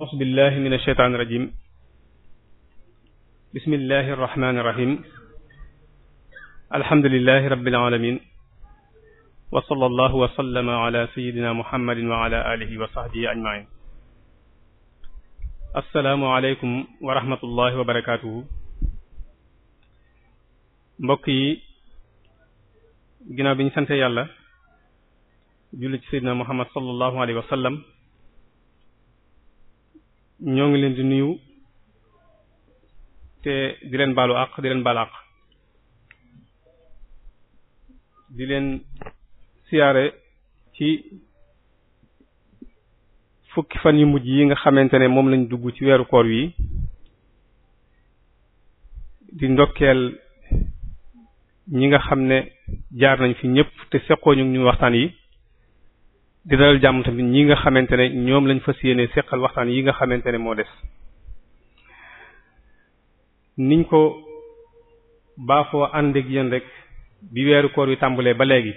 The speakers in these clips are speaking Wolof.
aus billah min alsheytaan irajim bismillahi arrahmani irrahim alhamdulilahi rabilalamin wasala allahu wasallama ala seyidina muhammadin wa ala alihi wa saxbihi ajmain assalaamu aleykum wa rahmatullahi wa barakatuhu mbokk yi ginnaaw bi ñu sante yàlla julli ci seydina muhammad sallallahu alayhi wa sallam ñoo ngi leen di nuyu te di leen baalu àq di leen baal àq di leen siyaare ci fukki fan yu mujj yi nga xamante ne moom lañ dugg ci weeru koor wi di ndokkeel ñi nga xam ne jaar nañ fi ñëpp te seqoo ñu ñu waxtaan yi di dalal jàmm tamit ñi nga xamante ne ñoom lañ fas yéene seqal waxtaan yi nga xamante ne moo des niñ ko baafoo ànd ak yéen rek bi weeru koor wi tàmbalee ba léegi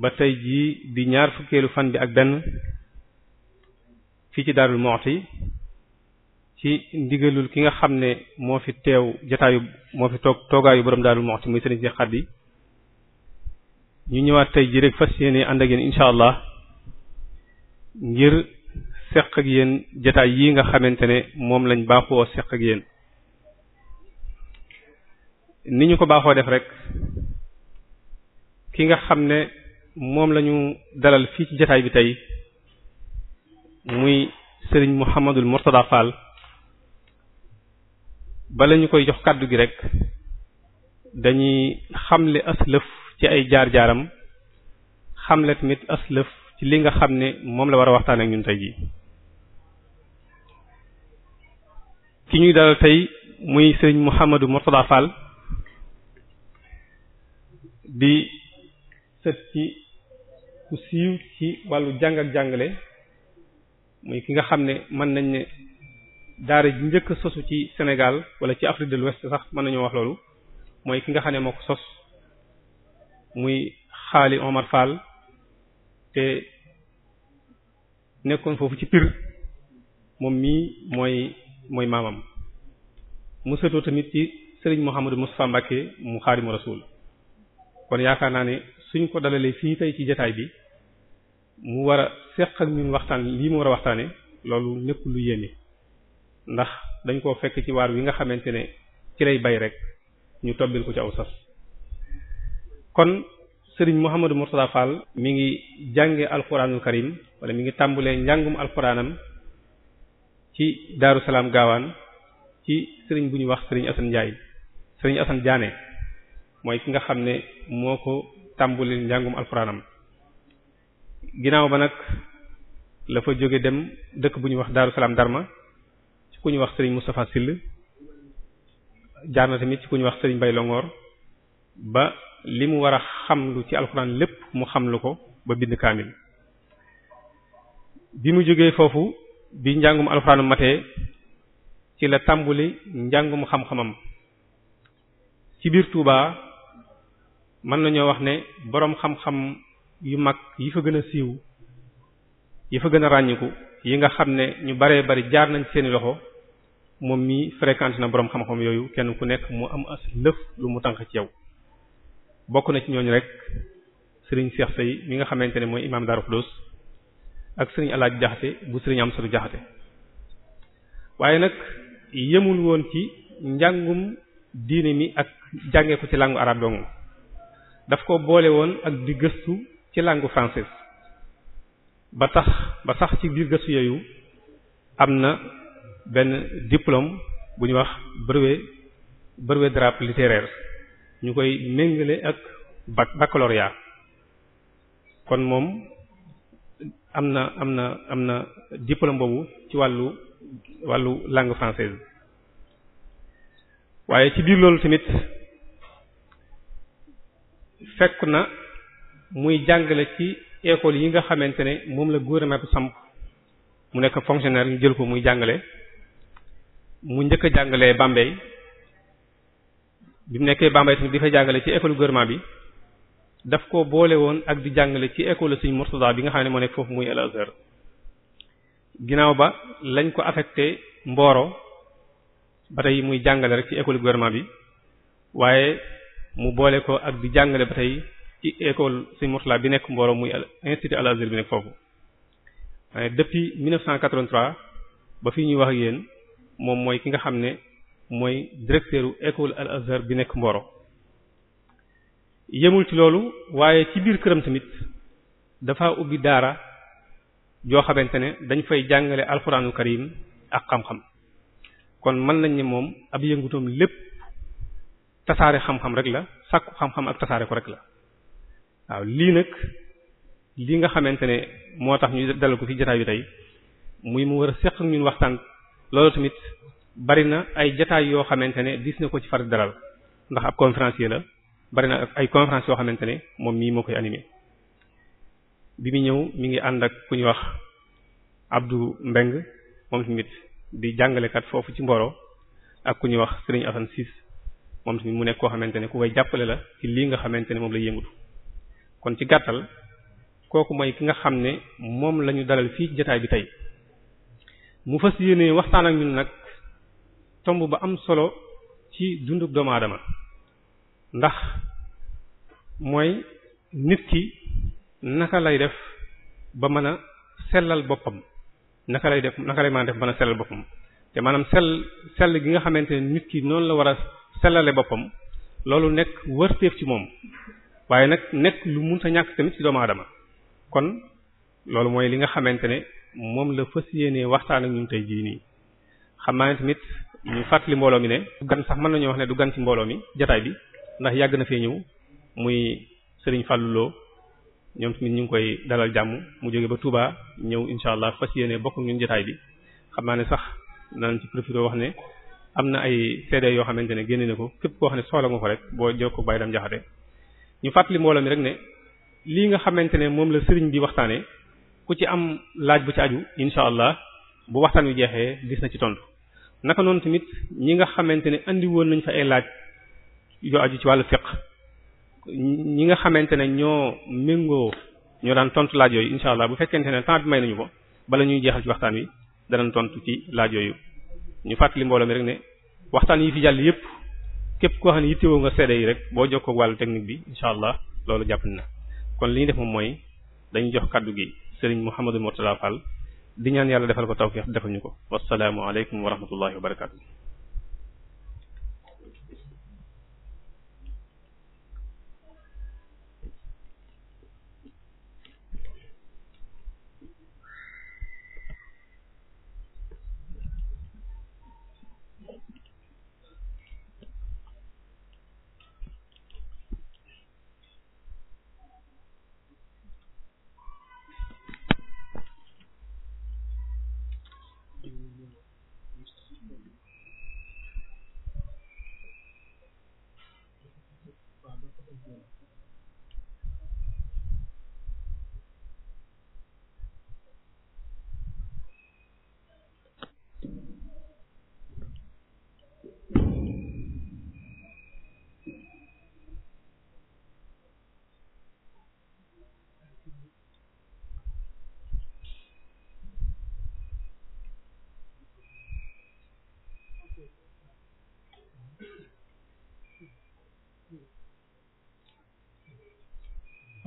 ba tey jii di ñaar fukkeelu fan bi ak benn fii ci Darou Moukhty ci ndigalul ki nga xam ne moo fi teew jataayu moo fi toog toogaayu borom Darou Moukhty muy Serigne Cheikh Khady ñu ñëwaat tey jii rek fas yéene ànd ak yéen incha allah ngir seq ak yéen jataay yi nga xamante ne moom lañ baaxoo seq ak yéen ni ñu ko baaxoo def rek ki nga xam ne moom lañu dalal fii ci jataay bi tey muy sëriñ Mouhamadul Mourtada Fall bala ñu koy jox kàddu gi rek dañuy xamle aslëf ci ay jaar-jaaram xamle tamit aslëf ci li nga xam ne moom la war a waxtaan ak ñun tey ki ñuy dalal tey muy sëriñ Mouhamadou Mourtada Fall bi sët ci ku siiw ci wàllu jàng ak jàngale muy ki nga xam ne mën nañ ne daara ji njëkk sosu ci senegal wala ci Afrique de l'Ouest sax mën nañoo wax loolu mooy ki nga xam ne moo ko sos muy xaali Omar Fall te nekkoon foofu ci piir moom mii mooy mooy maamam mu setoo tamit ci sëriñ Mouhamadou Moustapha Mbacke mu Xaadimu Rasuul kon yaakaar naa ne suñ ko dalalee fii tey ci jotaay bi mu war a seq ak ñun waxtaan lii mu war a waxtaane loolu nekk lu yéeme ndax dañ koo fekk ci waar wi nga xamante ne ci lay bay rek ñu tobbil ko ci aw sas kon sëriñ Mouhamadou Mourtada Fall mi ngi jànge alquranul karim wala mi ngi tàmbulee njàngum alquranam ci Daaru Salaam gaawaan ci sëriñ bu ñuy wax sëriñ Assane Ndiaye sëriñ Assane Diané mooy ki nga xam ne moo ko tàmbulee njàngum alquranam ginnaaw ba nag la fa jóge dem dëkk bu ñuy wax Daaru Salaam Darma ci ku ñuy wax sëriñ Moustapha Sill jaar na tamit ci ku ñuy wax sëriñ Bay Longoor ba li mu war a xam lu ci alxuraan lépp mu xam lu ko ba bind kaamil bi mu jógee foofu bi njàngum alxuraanu matee ci la tàmbuli njàngum xam-xamam ci biir Touba mën nañoo wax ne boroom xam-xam yu mag yi fa gën a siiw yi fa gën a ràññiku yi nga xam ne ñu baree bari jaar nañ seeni loxo moom mi fréquenté na boroom xam-xam yooyu kenn ku nekk mu am as lëf lu mu tànk ci yow bokk na ci ñooñu rek sëriñ Cheikh Sey mi nga xamante ne mooy imaam Darou Khoudoss ak sëriñ Alaaj Jaxate bu sëriñ Amsatu Jaxate waaye nag yemul woon ci njàngum diine mi ak jàngee ko ci langue arabe dong daf ko boole woon ak di gëstu ci langue française ba tax ba sax ci biir gëstu yooyu am na benn diplôme bu ñu wax brevet brevet drape littéraire ñu koy méngale ak bac baccalauréat kon moom am na am na am na diplôme boobu ci wàllu wàllu langue française waaye ci biir loolu tamit fekk na muy jàngale ci école yi nga xamante ne moom la gouvernement bi samp mu nekk fonctionnaire ñu jël ko muy jàngale mu njëkk a jàngalee Bambey bi mu nekkee Bambey tamit di fa jàngale ci école gouvernement bi daf ko boole woon ak di jàngale ci école Serigne bi nga xam ne moo nekk foofu muy Al Azhar ginnaaw ba lañ ko affecté Mboro ba tey muy jàngale rek ci école gouvernement bi waaye mu boole ko ak di jàngale ba tey ci école Serigne Mourtada bi nekk Mboro muy institut Al Azhar bi nekk foofu depuis 1983 ba fi ñuy wax ak yéen moom mooy ki nga xam ne mooy directeur u école al azhar bi nekk Mboro yemul ci loolu waaye ci biir këram tamit dafa ubbi daara joo xamante ne dañ fay jàngale alxuraanul karim ak xam-xam kon mën nañ ni moom ab yëngutoom lépp tasaare xam-xam rek la sàkku xam-xam ak tasaare ko rek la waaw lii nag li nga xamante ne moo tax ñu dalal ko fi jotaay bi tey muy mu war a seq ñun waxtaan loolu tamit bari na ay jataay yoo xamante ne dis na ko ci far daral ndax ab conférencier la bari na ay conférence yoo xamante ne moom mii moo koy animé bi mu ñëw mi ngi ànd ak ku ñuy wax Abdou Mbeng moom tamit di jàngalekat foofu ci Mboro ak ku ñuy wax Serigne Assane Ciss moom mu nekk koo xamante ne ku koy jàppale la ci lii nga xamante ne moom la yëngutu kon ci gàttal kooku mooy ki nga xam ne moom la dalal fii jataay bi tey mu fas yéene waxtaan ak ñun nag tomb ba am solo ci dunduk doomu aadama ndax mooy nit ki naka lay def ba mën a sellal boppam naka lay def naka lay mën a def mën a sellal boppam te maanaam sell sell gi nga xamante ne nit ki noonu la war a sellale boppam loolu nekk wërteef ci moom waaye nag nekk lu mun ñàkk tamit ci doomu aadama kon loolu mooy li nga xamante ne moom la fas yéenee waxtaan ak ñun tey jii nii xam ne tamit ñu fàttali mbooloo mi ne du gan sax mën nañu wax ne du gan ci mbooloo mi jataay bi ndax yàgg na fee ñëw muy sëriñ Fallou ñoom tamit ñu ngi koy dalal jàmm mu jóge ba Touba ñëw incha allah fas yéene bokk ñun jotaay bi xam naa ne sax danañ ci wax ne am na ay CD yoo xamante ne génne na ko képp koo xam ne soxla nga ko rek boo jox ko ñu fàttali mbooloo mi rek ne lii nga xamante ne moom la sëriñ bi waxtaanee ku ci am laaj bu ci aju incha allah bu waxtaan wi jeexee gis na ci tontu naka noonu tamit ñi nga xamante ne indi woon nañ fa ay laaj yoo aju ci wàll fiqh ñi nga xamante ne ñoo méngoo ñoo daan tontu laaj yooyu incha allah bu fekkente ne temps may nañu ko bala ñuy jeexal ci waxtaan wi danañ tontu ci laaj yooyu ñu fàttali mbooloo mi rek ne waxtaan yi fi jàll yépp képp koo xam ne yittewoo nga seede yi rek boo jox ko wàllu technique bi incha allah loolu jàpp na kon li ñu def moom mooy dañu jox kàddu gi Serigne Mouhamadou Mourtada Fall di ñaan yàlla defal ko tawfiq defal ñu ko wasalaamu aleykum wa rahmatullahi wa barakatu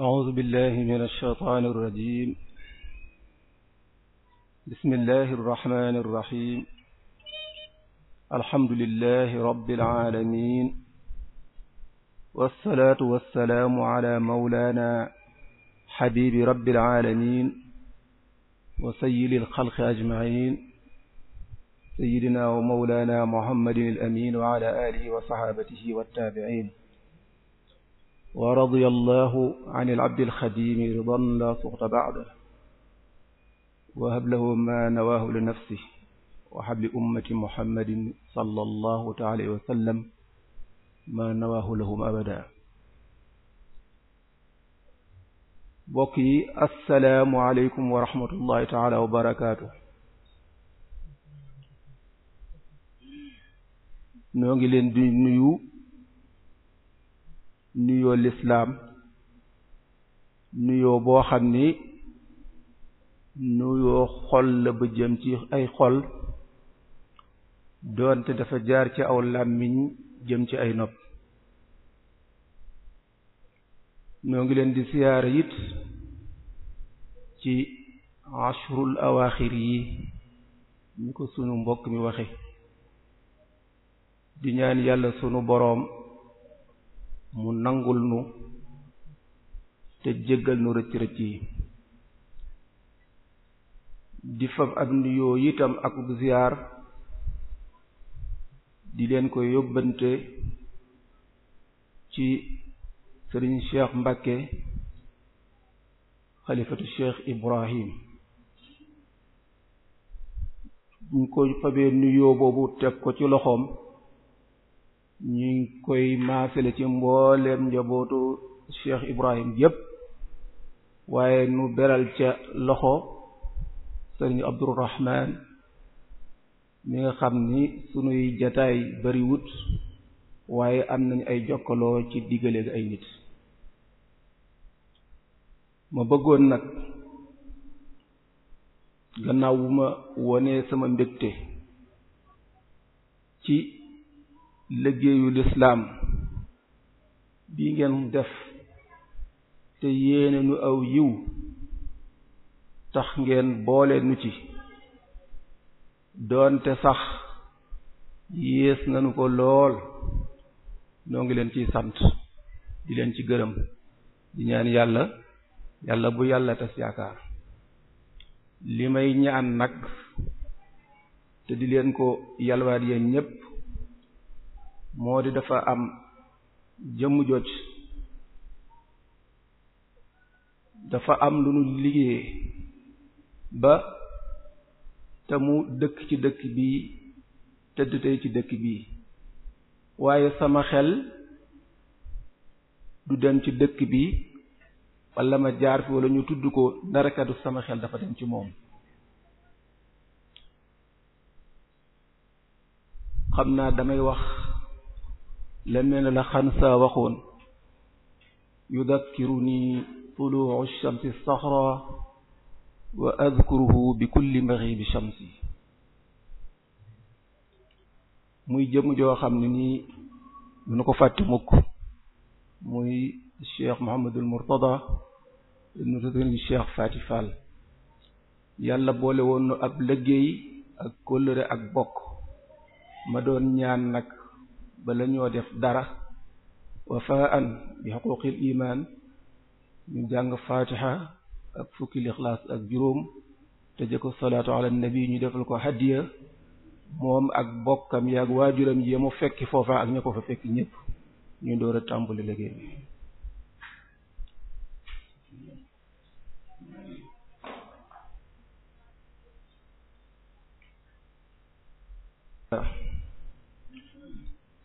أعوذ بالله من الشيطان الرجيم بسم الله الرحمن الرحيم الحمد لله رب العالمين والصلاة والسلام على مولانا حبيب رب العالمين وسيد الخلق أجمعين سيدنا ومولانا محمد الأمين وعلى آله وصحابته والتابعين wa radiya allahu an al-abdi al-xadiimi ridan laa suxta ba'dahu wa hab lahu maa nawaahu li nafsihi wa hab li ummati muhammadin sallallahu ta'ala alayhi wa sallam maa nawaahu lahum abadan mbokk yi assalaamu aleykum wa rahmatullahi ta'ala wa barakaatuh noo ngi leen di nuyu nuyoo lislaam nuyoo boo xam ni nuyoo xol la ba jëm ci ay xol doonte dafa jaar ci aw làmmiñ jëm ci ay nopp ñoo ngi leen di siyaara yit ci ashrul awaaxir yi ñu ko sunu mbokk mi waxe di ñaan yàlla sunu boroom mu nangul nu te jéggal nu rëcc rëcc yi di fab ab nuyoo itam ak ziyaar di leen ko yóbbante ci sëriñ cheikh mbakke xalifatu cheikh Ibrahim ñu ko fabee nuyoo boobu teg ko ci loxoom ñu koy maasale ci mbooleem njabootu Cheikh Ibrahim yépp waaye nu beral ca loxo sëriñ Abdurrahman mi nga xam ni sunuy jataay bariwut waaye am nañu ay jokkaloo ci diggaleeg ay nit ma bëggoon nag gannaaw bu ma wonee sama mbégte ci liggéeyu lislaam bi ngeen def te yéene nu aw yiw tax ngeen boole nu ci doonte sax yées nañu ko lool noo ngi leen ciy sant di leen ci gërëm di ñaan yàlla yàlla bu yàlla tas yaakaar li may ñaan nag te di leen ko yalwaat yéen ñépp moo di dafa am jëmm joj dafa am lu nu liggéey ba te mu dëkk ci dëkk bi tëdd tey ci dëkk bi waaye sama xel du dem ci dëkk bi wala ma jaar fi wala ñu tudd ko narakadu sama xel dafa dem ci moom xam naa damay wax leneen la xansa waxoon yudakkiruni tuluu ash-shamsi as-saxra wa adkuruhu bi kulli maghibi shamsi muy jëm joo xam ne nii duna ko fàtte mukk muy cheikh Mouhamadul Mourtada ibnu Sëriñ cheikh Fati Fall yàlla boole woon ab liggéey ak kóllëre ak bokk ma doon ñaan nag bala ñoo def dara wafaan bi xuquqil iman ñu jàng fatiha ak fukki lixlaas ak juróom tëje ko salaatu ala nabi ñu defal ko hadiya moom ak bokkam yaag waajuram yi mu fekki foofa ak ña ko fa fekki ñëpp ñu door a tàmbali liggéey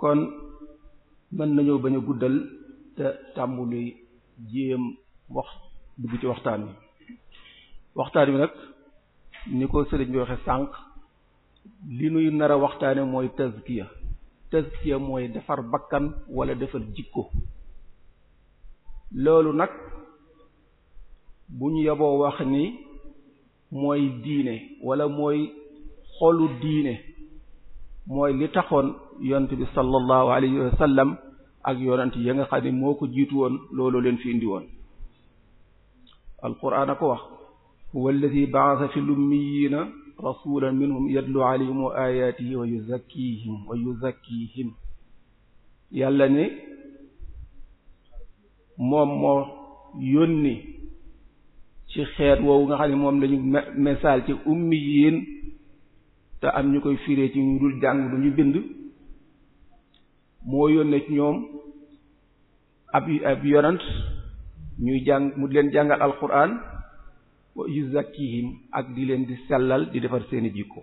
kon mën nañoo bañ a guddal te tàmbuli jéem wax dugg ci waxtaan wi waxtaan wi nag ni ko sëriñ bi waxe sànq li nuy nar a waxtaane mooy tazkiya tazkiya mooy defar bakkan wala defar jikko loolu nag bu ñu yeboo wax ni mooy diine wala mooy xoolu diine mooy li taxoon yonent bi sallallahu alayhi wa ak yonent ya nga xam ne moo ko jiitu woon looloo leen fi indi woon alquraan a ko wax huwa alladhi ba'atha fi lummiyina rasulan minhum yatlu alayhim moom moo yónni ci xeet woowu nga xam ne moom lañu misaal ci ummiyin te am ñu koy firé ci ñu dul jàng duñu bind moo yónnee ci ñoom ab yonant ñuy jàng mu di leen jàngal alquran wa yuzakkihim ak di leen di sellal di defar seeni jikko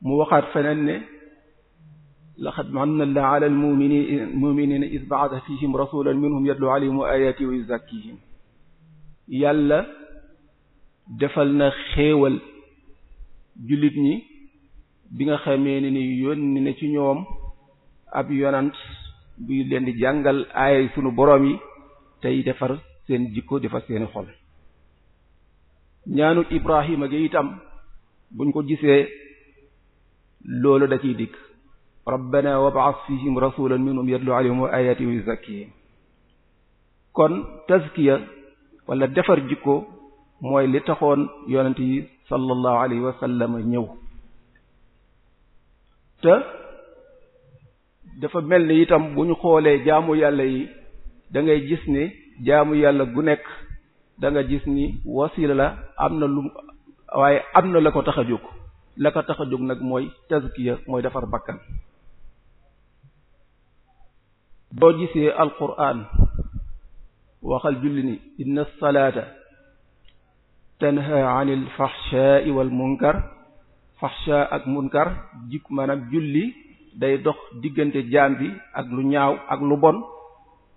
mu waxaat feneen ne laqad manna Allahu ala al-mu'minina iz ba'atha fihim rasulan minhum yatlu alayhim ayatihi wa yuzakkihim yàlla defal na xéewal jullit ñi bi nga xamee ne ni yónni ne ci ñoom ab yonant buy leen di jàngal aayay sunu boroom yi tey defar seen jikko defar seeni xol ñaanu Ibrahima gi itam buñ ko gisee loolu da ciy dikk rabbana wab'ath fihim rasulan minhum yatlu alayhim wa ayatihim yuzakkihim kon tazkiya wala defar jikko mooy li taxoon yonent yi sallallahu alayhi wa sallam ñëw te dafa mel ni itam bu ñu xoolee jaamu yàlla yi da gis ni jaamu yàlla gu nekk danga gis ni wasila la am na lu waaye am na la ko tax a jóg la ko tax a jóg nag mooy tazkiya mooy defar bakkan boo gisee alquran waxal julli ni inna salaata tanha anil fahsha wal munkar fahsha ak munkar jik maanaam julli day dox diggante jaam bi ak lu ñaaw ak lu bon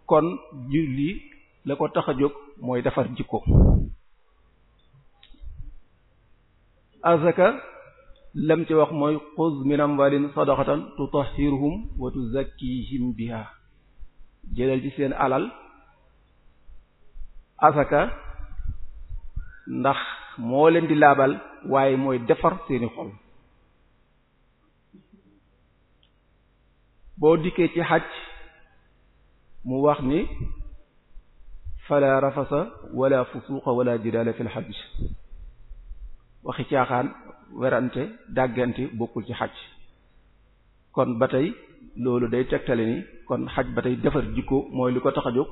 kon julli la ko tax a jóg mooy defar jikko azaka lam ci wax mooy xuz min amwalin sadaqatan tutahhiruhum wa tuzakkihim biha jëlal ci seen alal azaka ndax moo leen di laabal waaye mooy defar seeni xol boo dikkee ci xaj mu wax ni fala rafasa wala fusuqa wala jidaala fil xaj waxi caaxaan werante dàggante bokkul ci xaj kon ba tey loolu day tegtale ni kon xaj ba tey defar jikko mooy lu ko tax a jóg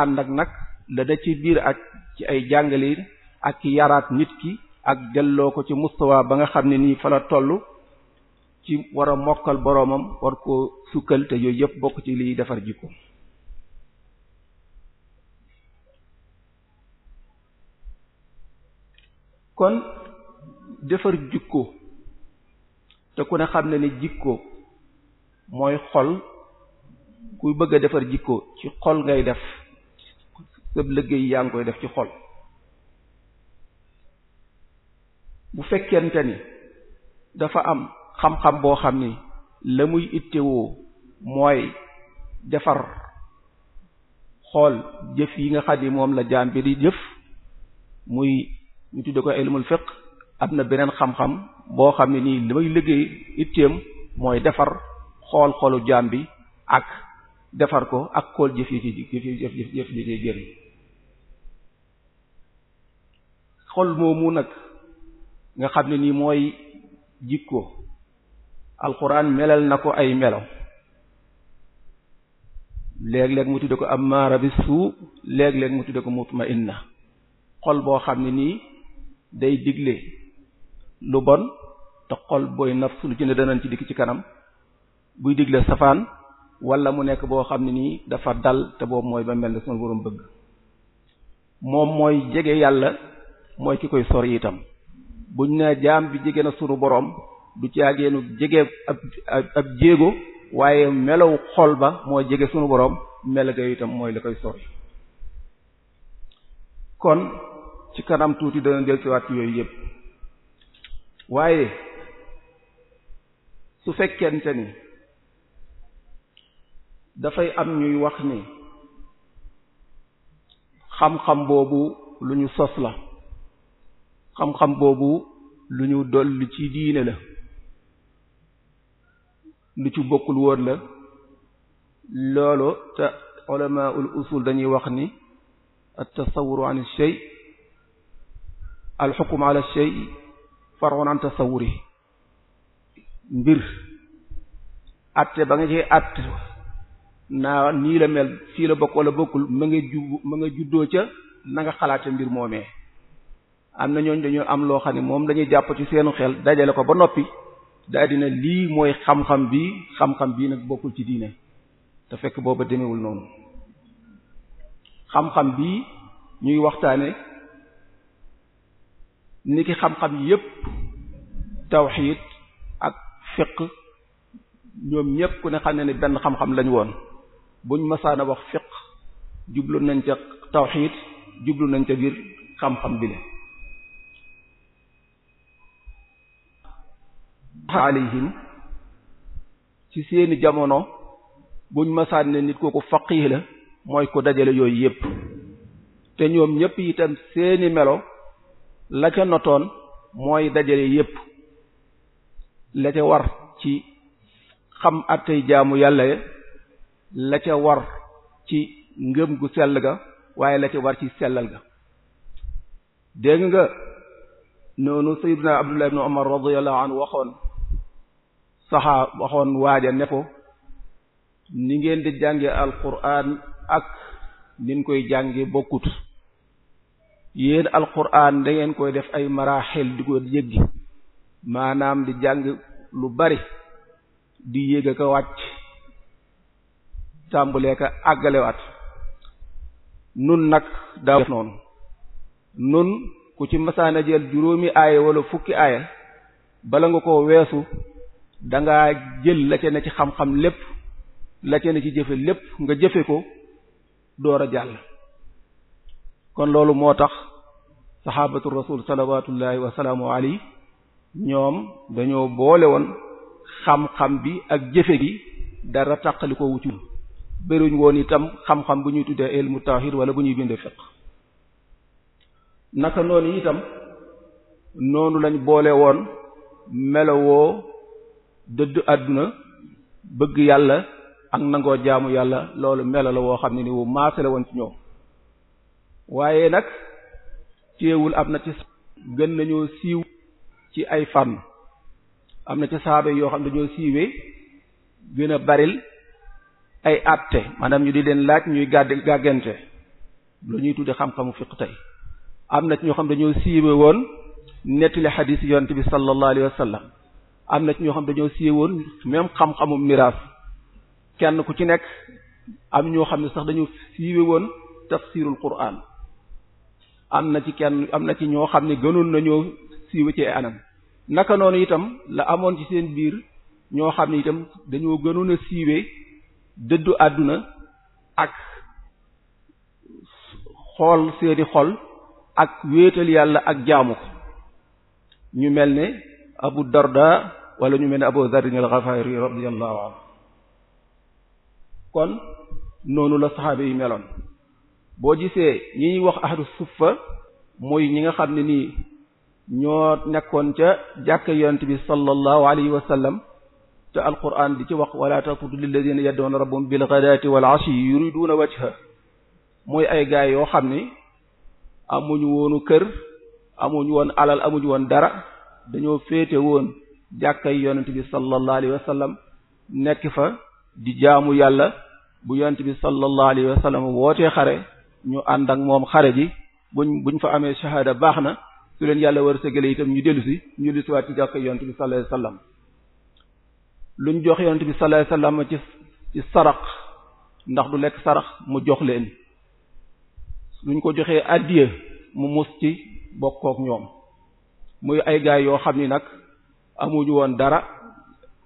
ànd ak nag la da ci biir ak ci ay jàngale ak yaraat nit ki ak delloo ko ci mustawa ba nga xam ne nii fa la toll ci wara mokkal boroomam war ko sukkal te yooyu yëpp bokk ci liy defar jikko kon defar jikko te ku ne xam ne ni jikko mooy xol kuy bëgg a defar jikko ci xol ngay def sab liggéey yaa ngi koy def ci xol bu fekkente ni dafa am xam-xam boo xam ni la muy ittewoo mooy defar xool jëf yi nga xam ni moom la jaam bi di jëf muy ñu tudde ko ilmul fiqh am na beneen xam-xam boo xam ne nii li may liggéey itteem mooy defar xool xoolu jaam bi ak defar ko ak xool jëf yi ci jëf jëf jëf jëf yi ci génn xol moomu nag nga xam ne nii mooy jikko alquran melal na ko ay melo léeg-léeg mu tudde ko ammaara bi suu léeg-léeg mu tudde ko indi na xol boo xam ne nii day digle lu bon te xol booy nafs lu ci ne ci dikk ci kanam buy digle safaan walla mu nekk boo xam ne nii dafa dal te boobu mooy ba mel ne sama borom bëgg moom mooy jege yàlla mooy ki koy sori itam buñ ne jaam bi jege na sunu borom du caageenu jege ab ab jéego waaye melow xool ba moo jege sunu borom melaga itam mooy la koy sori kon ci kanam tuuti dana del ci waat yooyu yëpp waaye su fekkente ni dafay am ñuy wax ni xam-xam boobu lu ñu sos la xam-xam boobu lu ñu dolli ci diine la lu ci bokkul woon la loolu te ulama usul dañuy wax ni at-tasawwur an ash-shay al-hukm ala ash-shay far'un an tasawwuri mbir atte ba nga ci atte naa nii la mel fii la bokk wala bokkul ma nga ju ma nga juddoo ca na nga xalaate mbir moomee am na ñooñ dañu am loo xam ne moom dañuy jàpp ci seenu xel dajale ko ba noppi daa dina lii mooy xam-xam bi xam-xam bii nag bokkul ci diine te fekk booba demewul noonu xam-xam bii ñuy waxtaane ni ki xam-xam yépp tawxiid ak fiq ñoom ñépp ku ne xam ne ni benn xam-xam lañ woon buñ a wax fiq jublu nañ ca tawxiit jublu nañ ca biir xam-xam bi le alayhim ci seeni jamono buñ masaan ne nit kooku faqih la mooy ko dajale yooyu yépp te ñoom ñépp itam seeni melo la ca notoon mooy dajale yépp la ca war ci xam àttey jaamu yàlla la ca war ci ngëm gu sell ga waaye la ca war ci sellal ga dégg nga noonu sayyidina Abdullah ibn Umar radiyallahu anhu waxoon saxaa waxoon waaja ne ko ni ngeen di jànge alquran ak nin koy jànge bokkut yéen alquran da ngeen koy def ay maraxel di ko yëggi maanaam di jàng lu bari di yéeg a ko wàcc tàmbulee ko àggalewaat nun nag daa def noonu nun ku ci masaana jël juróomi aaya wala fukki aaya bala nga koo weesu danga jël la ca ne ci xam-xam lépp la ca ne ci jëfe lépp nga jëfe ko door a jàll kon loolu moo tax saxaabatu rasul salawatullahi wasalaamu alayhi ñoom dañoo boole woon xam-xam bi ak jëfe gi dara taqali ko wuccul bëruñ woon itam xam-xam bu ñuy tuddee ilmu tawhid wala bu ñuy bindee fiqh naka noonu itam noonu lañ boole woon melowoo dëdd àdduna bëgg yàlla ak nangoo jaamu yàlla loolu melo la woo xam ne ni wu maase la woon ci ñoom waaye nag téewul am na ci gën nañoo siiw ci ay fànn am na ci saaba yoo xam ne dañoo siiwee gën a baril ay àtte maanaam ñu di leen laaj ñuy gàdd gàggante lu ñuy tudde xam-xamu fiq tey am na ñoo xam dañoo siiwee woon nettali xadiis yonent bi sallallahu alayhi wasallam am na ci ñoo xam dañoo siye woon même xam-xamu miraas kenn ku ci nekk am ñoo xam ne sax dañu siiwe woon tafsirul quraan am na ci kenn am na ci ñoo xam ne gënoon nañoo siiwe ci anam naka noonu itam la amoon ci seen biir ñoo xam ne itam dañoo gënoon a siiwe dëddu àdduna ak xool seeni xol ak wéetal yàlla ak jaamu ko ñu mel ne Abu Darda wala ñu mel ne Abu Dharr al-Ghafari radiyallahu kon noonu la saxaaba yi meloon boo gisee ñi ñuy wax ahlu suffa mooy ñi nga xam ne nii ñoo nekkoon ca jàkka yonent bi sallallahu alayhi wa sallam te alquran di ci wax wala taqutu lilladina yad'una rabbahum bil ghadati wal ashi yuriduna wajha mooy ay gaay yoo xam ni amuñu kër amuñu woon alal amuñu woon dara dañoo féete woon jàkkay yonent bi sallallahu alayhi wa sallam nekk fa di jaamu yàlla bu yonent bi sallallahu alayhi wa sallam wootee xare ñu ànd ak moom xare ji buñ buñ fa amee shahada baax na su leen yàlla war sëgale itam ñu dellu si ñu dellu si waat ci jàkkay yonent bi sallallahu alayhi sallam luñ jox yonent bi sallallahu alayhi wa ci sarax ndax du lekk sarax mu jox leen luñ ko joxee addiya mu mus ci bokkook ñoom muy ay gaay yoo xam ni nag amuñu woon dara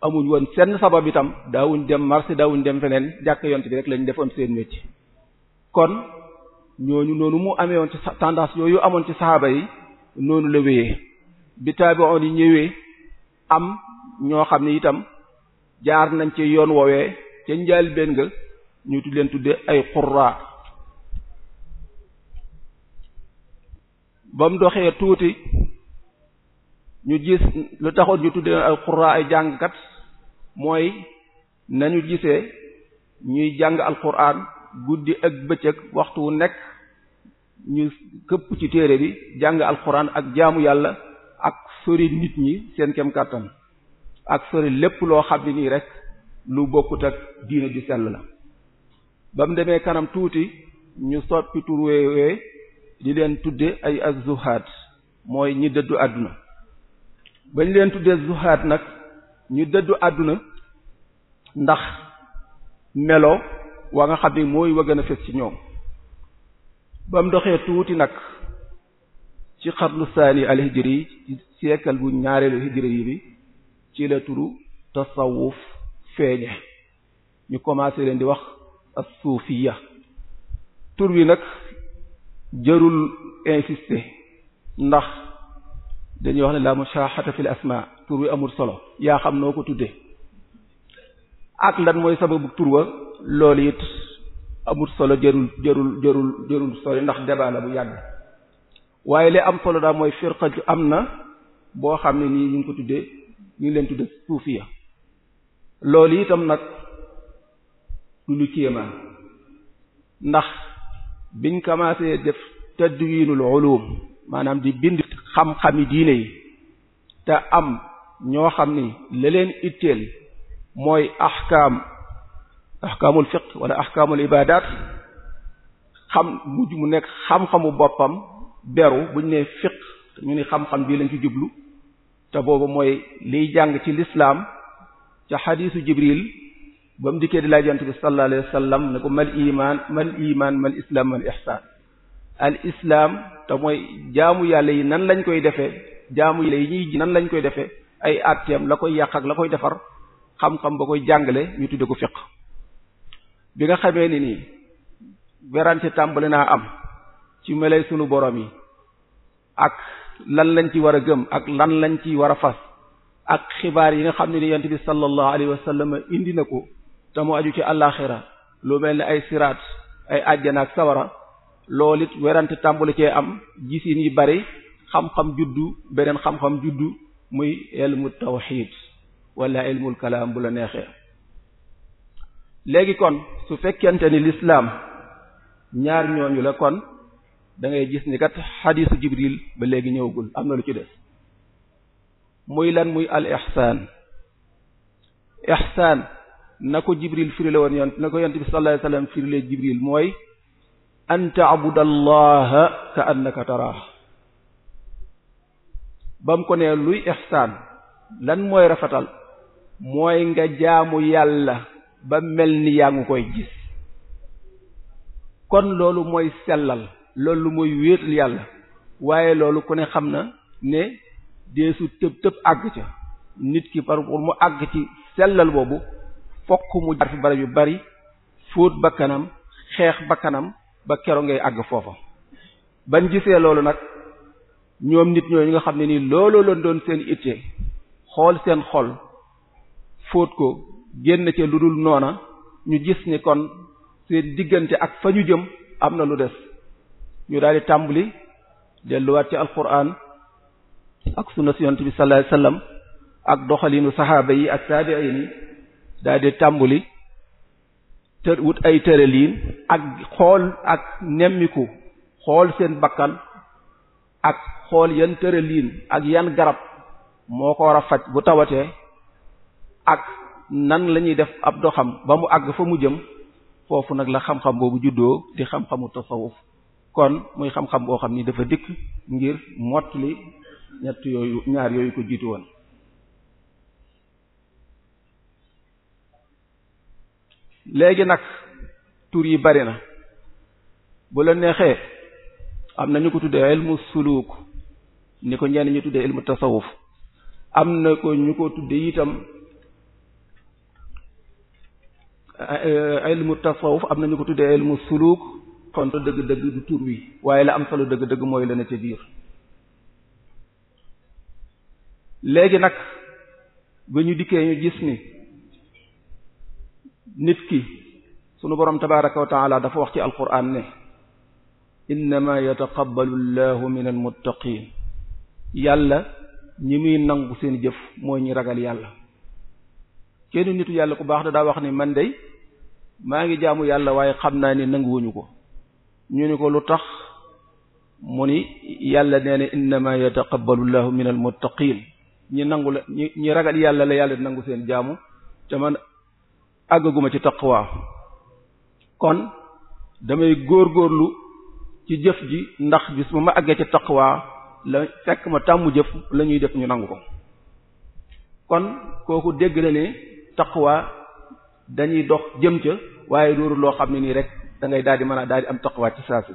amuñu woon seen sabab itam daawuñ dem marché daawuñ dem feneen jàkk yont bi rek lañ defoon seen métier kon ñooñu noonu mu amee woon ci tendance yooyu amoon ci saxaaba yi noonu la wéyee bi taabi'un yi ñëwee am ñoo xam ne itam jaar nañ ci yoon woowee ca njaalbeen nga ñu tudd leen tudde ay xurraa ba doxee tuuti ñu gis lu taxoon ñu tuddee ay qurra ay jàngkat mooy nañu gisee ñuy jàng alquran guddi ak bëccëg waxtu wu nekk ñu këpp ci téere bi jàng alquran ak jaamu yàlla ak sori nit ñi seen kem kàttan ak sori lépp loo xam ne nii rek lu bokkut ak diine ju sell la ba mu demee kanam tuuti ñu soppi turweewee di leen tudde ay azzuhaad mooy ñi dëddu àdduna bañ leen tuddee zuhaat nag ñu dëddu àdduna ndax melo waa nga xam ni mooy wa gën a fës ci ñoom ba mu doxee tuuti nag ci xatlu saani al hijri bu ñaareelu hijri yi bi ci la turu tasawuf feeñe ñu commencé leen di wax as-sufiya tur wi nag jërul insister ndax dañuy wax ne la mushahata fil asma tur wi amul solo yaa xam noo ko tudde ak lan mooy sababu tur wa loolu it amul solo jërul jërul jërul jërul solo ndax débat la bu yàgg waaye li am solo daal mooy firqa ju am na boo xam ne nii ñu ngi ko tuddee ñu ngi leen tudde suufiya loolu itam nag du lu kéemaan ndax biñ commencé def tadwiinul ulum maanaam di bind xam-xami diine yi te am ñoo xam ni la leen itteel mooy ahkaam ahkaamul fiqh wala ahkaamul ibadat xam mujj mu nekk xam-xamu boppam beru buñ ne fiqh ñu ni xam-xam bii lañ ci jublu te boobu mooy liy jàng ci lislaam ca xadiisu jibril ba mu dikkee di laaj yonent bi sallallahu alayhi wasallam ne ko mal iman mal iman mal islam mal ihsan al islam te mooy jaamu yàlla yi nan lañ koy defee jaamu yàlla yi ñuy ji nan lañ koy defee ay atteem la koy yàq ak la koy defar xam-xam ba koy jàngale ñu tudde ko fiq bi nga xamee ni nii werante tàmbali naa am ci melay sunu borom yi ak lan lañ ci war a gëm ak lan lañ ci war a fas ak xibaar yi nga xam ne ni yonent bi sallallahu alayhi wa indi na ko te mu aju ci àllaaxira lu mel ni ay siraat ay àjjana ak sawara loolu it werante tàmbali cee am gisin yi bari xam-xam juddu beneen xam-xam juddu muy ilmu tawxiid wala ilmul kalaam bu la neexee léegi kon su fekkente ni lislaam ñaar ñooñu la kon da ngay gis ni kat xadiisu jibril ba léegi ñëwagul am na lu ci def muy lan muy al ihsaan ihsaan na ko jibril firile woon yoon na ko yonent bi sallallahu alayhi firile jibril mooy an taabudallaha ka annaka taraah ba mu ko nee luy ihsaan lan mooy rafetal mooy nga jaamu yàlla ba mel ni yaa ngi koy gis kon loolu mooy sellal loolu mooy wéetal yàlla waaye loolu ku ne xam na ne deesu tëb tëb àgg ca nit ki par pour mu àgg ci sellal boobu fokk mu jaar fi barab yu bari fóot bakkanam xeex bakkanam ba kero ngay àgg foofa bañ gisee loolu nag ñoom nit ñooñu nga xam ne nii looloo leen doon seen itte xool seen xol fóot ko génn ca lu dul noona ñu gis ni kon seen diggante ak fa ñu jëm am na lu des ñu daal di tàmbali delluwaat ci alquran ak sunna yonent bi sallallahu alayhi wasallam ak doxaliinu saxaaba yi ak taabi'iin yi daal di tàmbali tër wut ay tëraliin ak xool ak nemmiku xool seen bakkan ak xool yan tëraliin ak yan garab moo ko war a faj bu tawatee ak nan la ñuy def ab doxam ba mu àgg fa mu jëm foofu nag la xam-xam boobu juddoo di xam-xamu tasawuf kon muy xam-xam boo xam ni dafa dikk ngir mott li ñett yooyu ñaar yooyu ko jiitu woon léegi nag tur yi bari na bu la neexee am na ñu ko tuddee ilmu suluk ni ko ñenn ñu tuddee ilmu tasawuf am na ko ñu ko tuddee itam eh, ilmu tasawuf am na ñu ko tuddee ilmu suluk kon dëgg-dëgg du tur wi waaye la am solo dëgg-dëgg mooy la ci biir léegi nag ba ñu dikkee ñu gis ni nit ki sunu borom tabaaraka wa taala dafa wax ci alquraan ne innama yataqabbalu llahu min almuttaqiin yàlla ñi muy nangu seen jëf mooy ñi ragal yàlla kenn nitu yàlla ku baax da daa wax ni man dey maa ngi jaamu yàlla waaye xam naa ni nanguwuñu ko ñu ni ko lu tax mu ni yàlla nee na innama yataqabbalu llahu min almuttaqiin ñi nangu la ñi ñi ragal yàlla la yàlla nangu seen jaamu te man àggaguma ci taqwa kon damay góorlu ci jëf ji ndax bi su ma àggee ca taqwa la fekk ma tàmm jëf lañuy def ñu nangu ko kon kooku dégg la ne taqwa dañuy dox jëm ca waaye dooru loo xam ne nii rek dangay ngay daal di mën a daal am taqwa ci saa si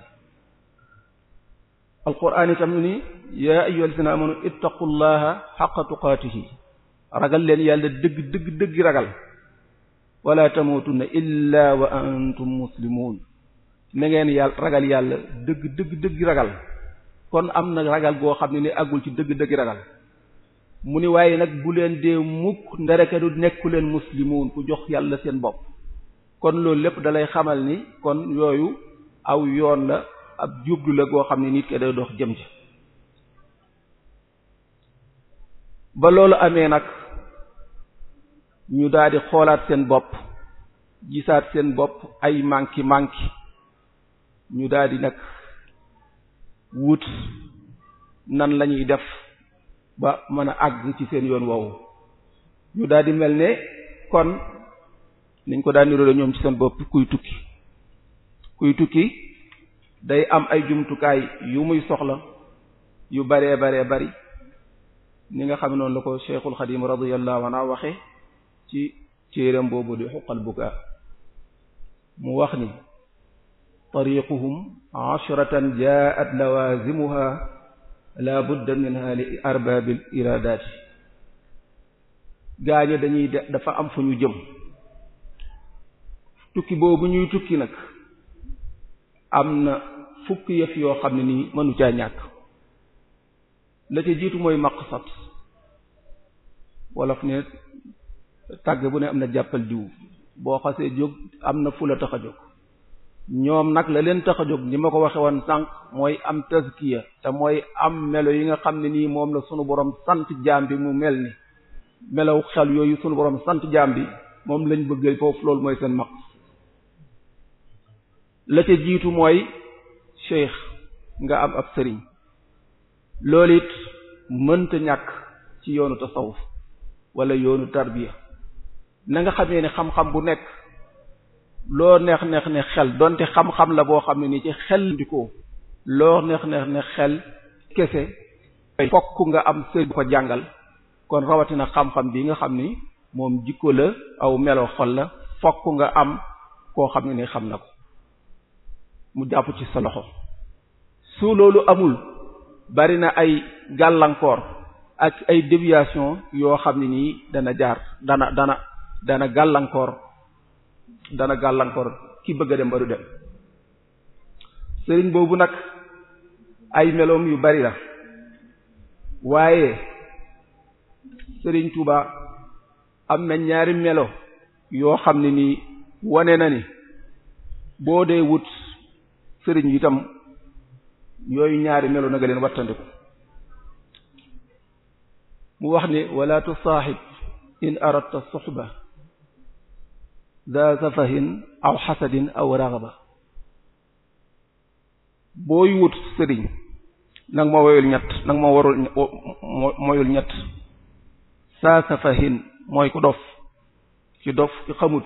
alquran itam ni yaa ayyuhal ladhina amanu ittaqullaha haqqa tuqatihi ragal leen yàlla dëgg dëgg dëgg ragal wala tamutunna illa wa antum muslimun na ngeen yàlla ragal yàlla dëgg dëgg dëgg ragal kon am na ragal goo xam ne ni àggul ci dëgg dëgg ragal mu ni waaye nag bu leen dee mukk ndareke du nekku leen muslimun ku jox yàlla seen bopp kon loolu lépp dalay xamal ni kon yooyu aw yoon la ab jublu la goo xam ne nit ke day dox jëm ci ba loolu amee nag ñu daal xoolaat seen bopp gisaat seen bopp ay manki manki ñu daldi nag wut nan lañuy def ba mën a àgg ci seen yoon woowu ñu daldi mel ne kon niñ ko daan niróole ñoom ci seen bopp kuy tukki kuy tukki day am ay jumtukaay yu muy soxla yu baree baree bari ni nga xam noonu la ko Cheikhul Xadim radiyallahu anhu waxe ci téeram boobu di xuqal bukaa mu wax ni tariquhum ashratan jaat lawazimuha la budda minha li arbaabil iradaati gaañu dañuy dafa am fu ñu jëm tukki boobu ñuy tukki nag am na fukk yëf yoo xam ne nii mënu caa ñàkk la ca jiitu mooy maqsad wolof ne tàgg bu ne am na jàppal diw boo xasee jóg am na fu la tax a jóg ñoom nag la leen tax a jóg ni ma ko waxe woon sànq mooy am taskiya te mooy am melo yi nga xam ne nii moom la sunu borom sant jaam bi mu mel ni melaw xel yooyu sunu borom bi moom lañ bëggal foofu loolu mooy seen mag la ca jiitu mooy cheikh nga am ab sëriñ loolu it mënta ñàkk ci yoonu tasawuf wala yoonu tarbiya na nga xamee ne xam-xam bu nekk loo neex neex ne xel donte xam-xam la boo xam ne ni ci xel ndikoo loo neex neex ne xel kese fokk nga am sëriñ bu ko jàngal kon rawatina xam-xam bi nga xam ni moom jikko la aw melo xol la fokk nga am koo xam ne ni xam na ko mu jàpp ci sa loxo su loolu amul bari na ay gàllankoor ak ay déviation yoo xam ne nii dana jaar dana dana dana gàllankoor dana gàllankoor ki bëgg a dem ba du dem sëriñ boobu nag ay meloom yu bari la waaye sëriñ Touba am na ñaari melo yoo xam ne nii wane na ni boo dee wut sëriñ yi itam yooyu ñaari melo na nga leen wattandiku mu wax ni wala tusahib in aradta suhba da safahin aw xasadin aw raxaba booy wut sëriñ nag moo woyul ñett nag moo warul moyul ñett saa safahin mooy ko dof ci dof ci xamut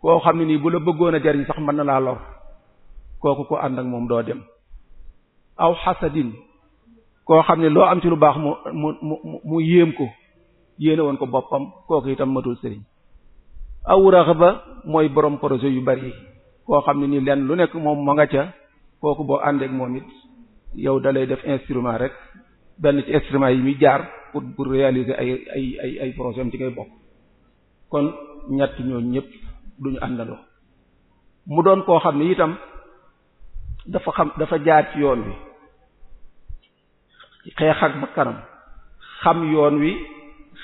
koo xam ne nii bu la bëggoon a jariñ sax mën na laa lor kooku ko ànd ak moom doo dem aw xasadin koo xam ne loo am ci lu baax mu mu mu yéem ko yéene woon ko boppam kooku itam matul sëriñ aw ba mooy borom projet yu bari koo xam ne ni lenn lu nekk moom ma nga ca kooku boo àndeek moom it yow dalay def instrument rek benn ci instrument yi muy jaar pour pour réaliser ay ay ay ay projet am ci ngay bokk kon ñett ñooñu ñëpp duñu àndandoo mu doon koo xam ne itam dafa xam dafa jaar ci yoon wi xeex ak ba kanam xam yoon wi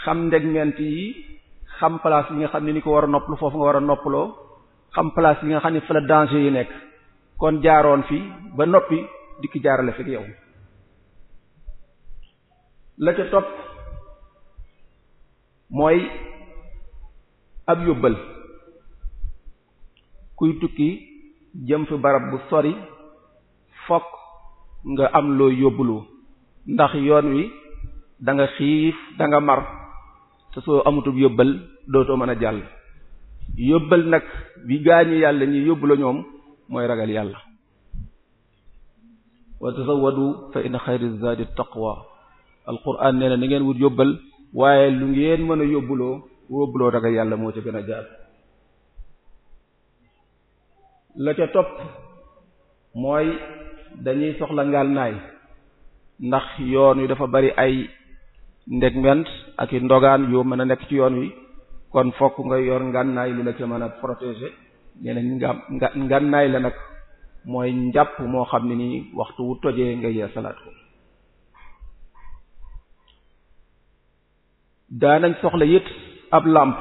xam ndegment yi xam place yi nga xam ne ni ko war a noppalu foofu nga war a noppaloo xam place yi nga xam ne fa la danger yi nekk kon jaaroon fi ba noppi dikk jaarale fi yow la ca topp mooy ab yóbbal kuy tukki jëm fi barab bu sori fokk nga am loo yóbbulu ndax yoon wi danga nga xiif da mar te soo amutub yóbbal dootoo mën a jàll yóbbal nag bi gaañu yàlla ñi yóbbu la ñoom mooy ragal yàlla wa tazawwadu fa inna xayra zaadi taqwa alquran nee na na ngeen wut yóbbal waaye lu ngeen mën a yóbbuloo yóbbuloo ragal yàlla moo ci gën a jaar la ca topp mooy dañuy soxla ngaal naay ndax yoon wi dafa bari ay ndeg ment ak i ndogaan yoo mën a nekk ci yoon wi kon fokk nga yor ngànnaay li la ca mën a protéger nee nañ nga nga ngànnaay la nag mooy njàpp moo xam ne nii waxtu wu tojee nga yee salaat ko daanañ soxla yit ab làmp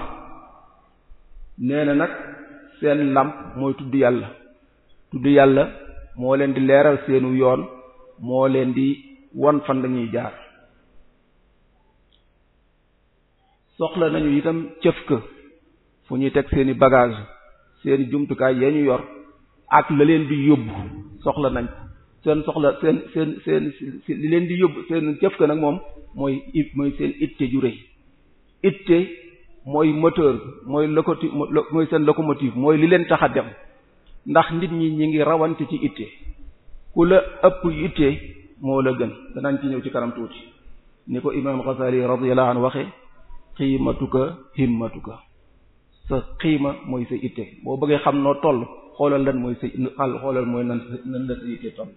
nee nag seen làmp mooy tudd yàlla tudd yàlla moo leen di leeral seenu yoon moo leen di won fan lañuy jaar soxla nañu itam cëf ka fu ñuy teg seeni bagage seeni jumtukaay ya ñu yor ak la leen di yóbbu soxla nañ seen soxla seen seen seen li leen di yóbbu seen cëf ka nag moom mooy it mooy seen itte ju rëy itte mooy moteur mooy locoti mooy seen locomotive mooy li leen tax a dem ndax nit ñi ñi ngi rawante ci itte ku la ëpp itte moo la gën danañ ci ñëw ci kanam tuuti ni ko imaam Ghazali radiyallahu anhu waxe xiimatuka himmatuka sa xiima mooy sa itte boo bëggee xam noo toll xoolal lan mooy sa xal xoolal mooy nan nan la sa itte toll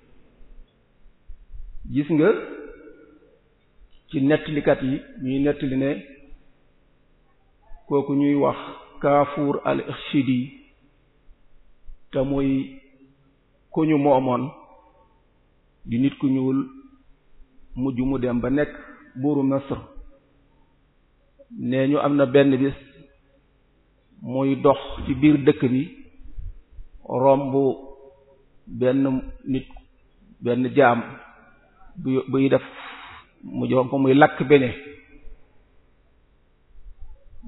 gis nga ci nettalikat yi ñuy nettali ne kooku ñuy wax Kaafuur al-Ikhshidi te muy ku ñu moomoon di nit ku ñuul mujj mu dem ba nekk buuru Misr nee ñu am na benn bi muy dox ci biir dëkk bi romb benn nit benn jaam bu buy def mu jox ko muy lakk beñe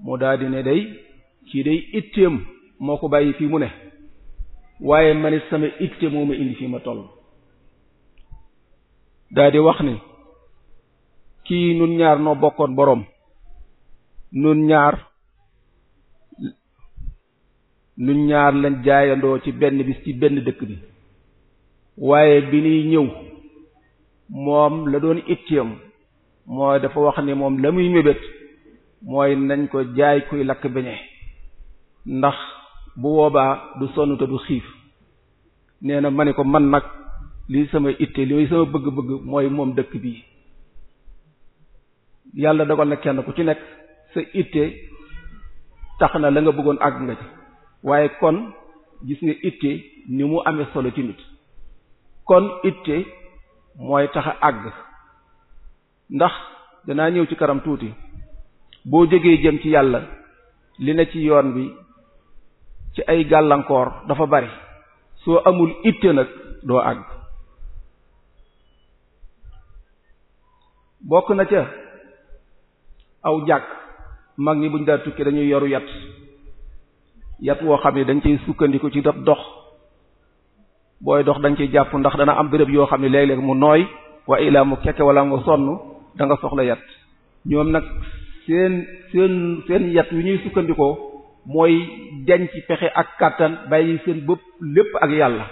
mu daldi ne day ci day itteem moo ko bàyyi fii mu ne waaye manit sama itte moo ma indi fii ma toll daldi wax ni kii nun ñaar noo bokkoon boroom nun ñaar nun ñaar lañ jaayandoo ci benn bi ci benn dëkk bi waaye bi nuy ñëw moom la doon ittiyam mooy dafa wax ni moom la muy mébét mooy nañ ko jaay kuy lakk beñe ndax bu boobaa du sonn te du xiif nee na ma ne ko man nag li sama itte li sama bëgg-bëgg mooy moom dëkk bi yàlla dogal na kenn ku ci nekk sa itte tax na la nga bëggoon àgg nga ci waaye kon gis nga itte ni mu amee solo ci nit kon itte mooy tax àgg ndax danaa ñëw ci karam tuuti boo jógee jëm ci yàlla li na ci yoon bi ci ay gàllankoor dafa bari soo amul itte nag doo àgg bokk na ca aw jàkk mag ñi buñ daa tukki dañuy yoru yat yat woo xam ne dañ ciy sukkandiku ci daf dox booy dox dañ ciy jàpp ndax dana am béréb yoo xam ne léeg-léeg mu nooy wa ilaa mu kekke wala mu sonn da nga soxla yat ñoom nag seen seen seen yat yu ñuy sukkandikoo mooy jañ ci pexe ak kàttan bàyyi seen bëpp lépp ak yàlla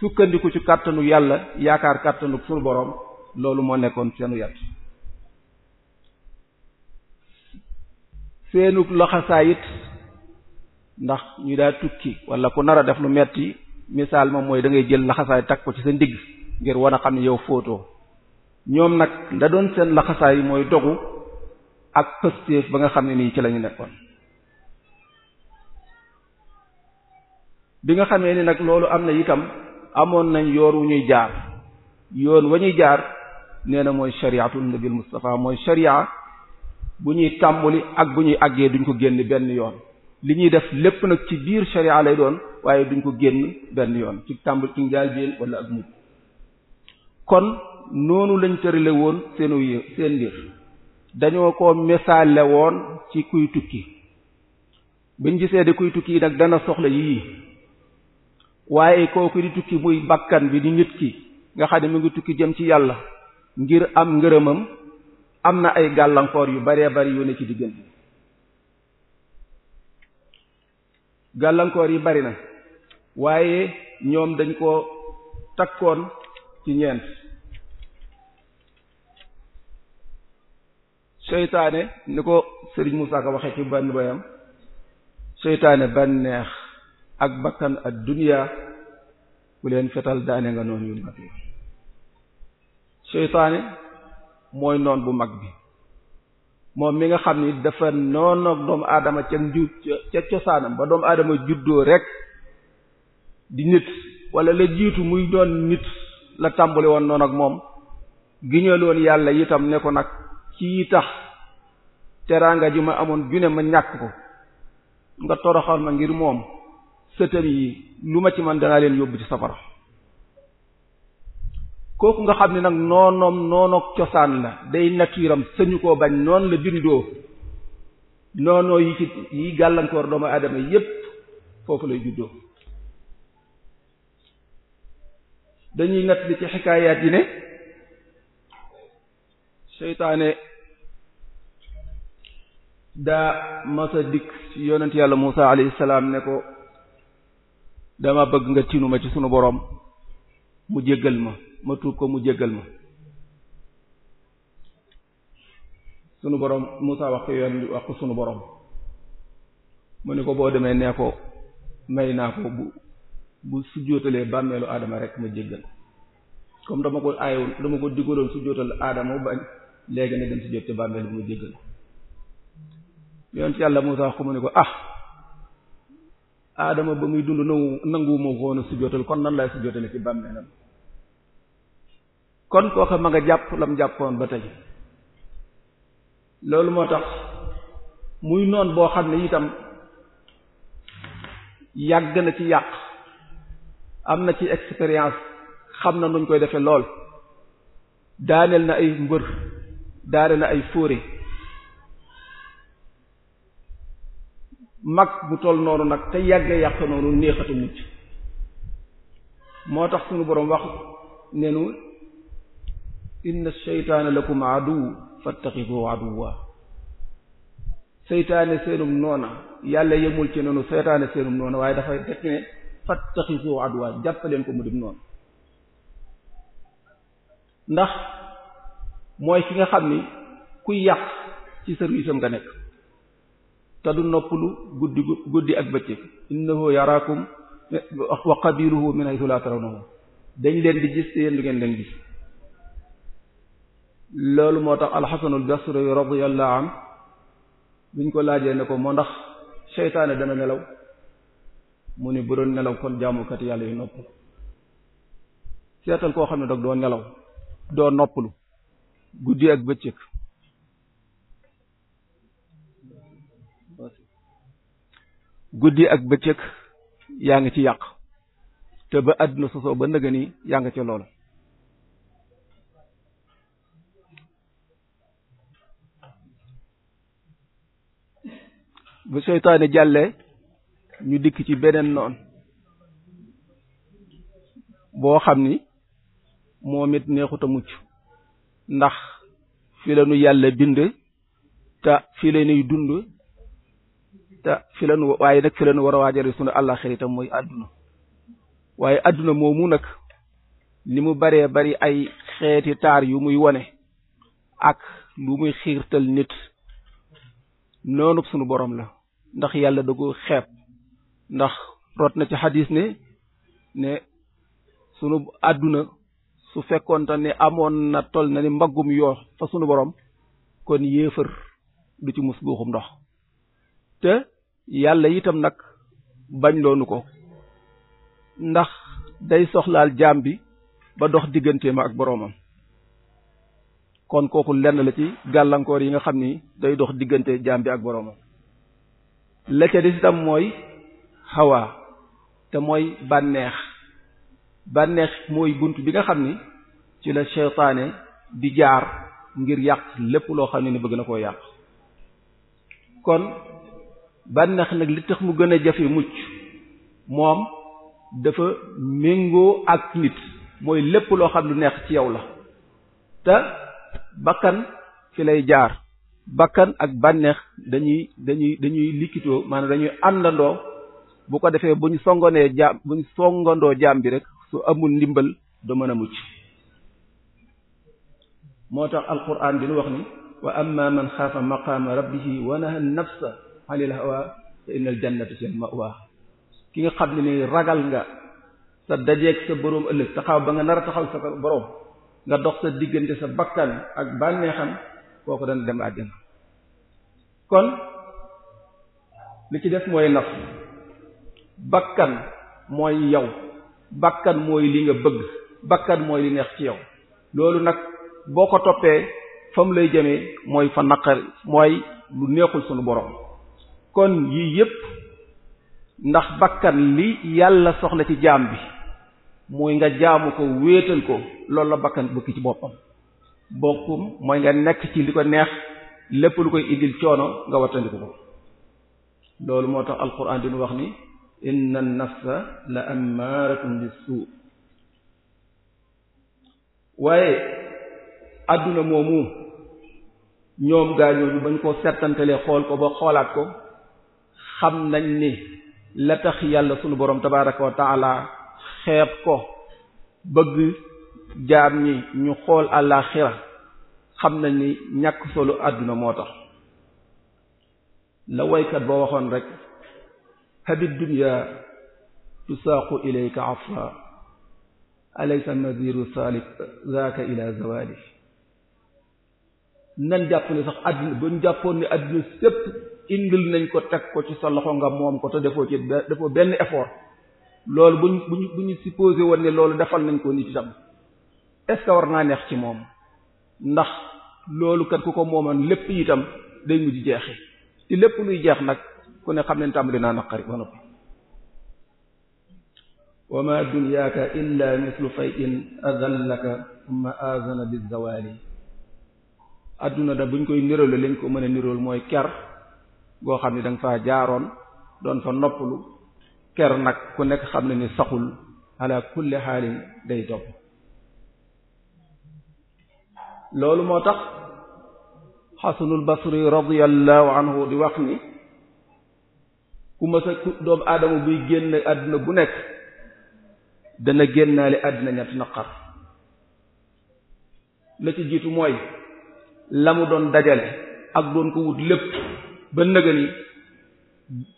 sukkandiku ci kàttanu yàlla yaakaar kàttanu sunu boroom loolu moo nekkoon seenu yat seenug laxasaayit ndax ñu daa tukki wala ku nar a def lu metti misaal moom mooy da ngay jël laxasaay takk ko ci sa ndigg ngir wan a xam ne yow footoo ñoom nag la doon seen laxasaay mooy dogu ak pëstéef ba nga xam ne nii ci lañu nekkoon bi nga xamee ni nag loolu am na itam amoon nañ yoon wu ñuy jaar yoon wa ñuy jaar nee na mooy shariatul nabil mustafa mooy sharia bu ñuy tàmbali ak bu ñuy àggee duñ ko génn benn yoon li ñuy def lépp nag ci biir sharia lay doon waaye duñ ko génn benn yoon ci tàmbali ci njaal biin wala ak mujj kon noonu lañ tërale woon seenu seen mbir dañoo ko mesalewoon ci kuy tukki biñ gisee di kuy tukki nag dana soxla yi waaye kooku di tukki muy bakkan bi di nit ki nga xam ne mu ngi tukki jëm ci yàlla ngir am ngërëmam am na ay gàllankoor yu baree bari yu ne ci diggante gàllankoor yi bari na waaye ñoom dañ koo takkoon ci ñeent seytaane ni ko Serigne Moussa Ka waxee ci benn bayam seytaane banneex ak bakkan ak dunya ku leen fetal daane nga noonu yu mag yi mooy noon bu mag bi moom mi nga xam ni dafa noonoog doomu aadama ca nju ca cosaanam ba doomu aadama juddoo rek di nit walla la jiitu muy doon nit la tàmbali woon noon ak moom giñaloon yàlla itam ne ko nag ci tax teraanga ji ma amoon june ma ñàkk ko nga toroxal ma ngir moom sëtam yi lu ma ci man danaa leen yóbbu ci safara kooku nga xam ne nag noonoom noonook cosaan la day nakiiram sañu koo bañ noonu la bindoo noonoo yi ci yi gàllankoor doomu aadama yépp foofu lay juddoo dañuy nett li ci xikaayaat yi ne seytaane daa masa dikk yonent yàlla Muusa alayhi salaam ne ko dama bëgg nga tinuma ci sunu boroom mu jéggal ma ma tuub ko mu jéggal ma sunu borom Moussa wax ko yoon wax ko sunu borom mu ne ko boo demee nee ko may naa ko bu bu sujjóotalee bàmmeelu aadama rek ma jéggal comme dama ko aayewul dama ko digaloon sujjóotal aadama bañ léegi ne dem sujjóot ci bàmmeelu bu ma jéggal yoon yàlla Moussa wax ko mu ne ko ah aadama ba muy dund nangu nanguwuma woon a sujjóotal kon nan laay sujjóotale ci bàmmeelam kon koo xam ma nga jàpp lam jàppoon ba tey loolu moo tax muy noon boo xam ne itam yàgg na ci yàq am na ci expérience xam na nuñ koy defe lool daaneel na ay mbër daaneel na ay fóore mag mu toll noonu nag te yàgg yàq noonu néexatu mucc moo tax sunu boroom wax nu inna seytaana lakum aduw fattaxidu aduwa seytaane seenum noona yàlla yemul ci noonu seytaane seenum noona waaye dafay def ne fattaxidu aduwa jàppaleen ko mu dim noonu ndax mooy ki nga xam ni kuy yàq ci service am nga nekk te du noppalu guddi guddi ak bëccëg innahu yaraakum wa qabiluhu min haythu la tarawnahum dañ leen di gis te yéen du ngeen leen gis loolu moo tax alxasanul basri radiyallahu an buñ ko laajee ne ko moo ndax seytaane dana nelaw mu ni bu doon nelaw kon jaamukat yàlla yu nopp seetal koo xam ne dog doo nelaw doo noppalu guddi ak bëccëg guddi ak bëccëg yaa ngi ci yàq te ba àdduna sosoo ba ndëgëni yaa ngi ci loolu bu seytaane jàllee ñu dikk ci beneen noon boo xam ni moom it neexut a mucc ndax fi la nu yàlla bind te fi la nuy dund te fi la nu waaye nag fi la nu war a waajare sunu àllaxira itam mooy àdduna waaye àdduna moomu nag li mu baree bari ay xeeti taar yu muy wone ak lu muy xiirtal nit noonu sunu borom la ndax yàlla da ko xeeb ndax rot na ci xadis ne ne sunu àdduna su fekkoon ni amoon na toll na ni mbaggum yoo fa sunu borom kon yéefër du ci mus guuxum ndox te yàlla itam nag bañ loonu ko ndax day soxlaal jaam bi ba dox digganteem ak boroomam kon kooku lenn la ci gàllankoor yi nga xam ni day dox diggante jaam bi ak boroomam la ca des itam mooy xawaa te mooy bànneex bànneex mooy bunt bi nga xam ni ci la seytaane di jaar ngir yàq lépp loo xam ne ni bëgg na koo yàq kon bànneex nag li tax mu gën a jafe mucc moom dafa méngoo ak nit mooy lépp loo xam lu neex ci yow la te bakkan fi lay jaar bakkan ak bànneex dañuy dañuy dañuy likkitoo maanaam dañuy àndandoo bu ko defee bu ñu songonee jaam bu ñu jaam bi rek su amul ndimbal du mën a mucc moo tax alquran bi nu wax ni wa amma man xaafa maqaama rabbihi wa naha nafsa anil hawa fa innal jannata hiya al-ma'wa ki nga xam ne ni ragal nga sa dajeeg sa boroom ëllëg taxaw ba nga nar a taxaw sa boroom nga dox sa diggante sa bakkan ak bànneexam kooku dana dem àjjana kon li ci def mooy naf bakkan mooy yow bakkan mooy li nga bëgg bakkan mooy li neex ci yow loolu nag boo ko toppee fa lay jëme mooy fa naqar mooy lu neexul sunu borom kon yii yépp ndax bakkan li yàlla soxla ci jaam bi muy nga jaamu ko wéetal ko loolu la bakkan bëgg ci boppam bokkum mooy nga nekk ci li ko neex lépp lu koy indil coono nga wattandiku ko loolu moo tax alquran dinu wax ni inna nafsa la ammaratun bisu waaye àdduna moomu ñoom gaañooñu bañ ko settantalee xool ko ba xoolaat ko xam nañ ni la tax yàlla sunu borom tabaraka wa taala xeeb ko bëgg jaam ñi ñu xool àllaaxira xam nañ ni ñàkk solu àdduna moo tax la woykat boo waxoon rek habi dunya tusaaqu ilayka afra alaysa naziru salib zaaka ila zawali nan jàpp ne sax àdduna ba ñu jàppoon ne àdduna sépp indil nañ ko teg ko ci sa loxo nga moom ko te defoo ci defoo benn effort loolu bu ñu bu ñu bu ñu supposé woon ne loolu defal nañ ko nit itam est-ce war naa neex ci moom ndax loolu kat ku ko moomoon lépp itam day mujj jeexi te lépp luy jeex nag ku xam ne tàmbali naa naqari ba noppi wa ma dunyaaka illa mislu da buñ koy niroole lañ ko mën a nirool mooy ker goo xam ne da nga jaaroon doon fa ker nag ku nekk xam ne ni saxul ala kulli xaalin day topp loolu moo tax xasanul basri radiyallahu anhu di wax ni ku ma sa doomu aadama buy génn àdduna bu nekk dana génnaale àdduna ñetti naqar la ci jiitu mooy la mu doon dajale ak doon ko wut lépp ba nëgëni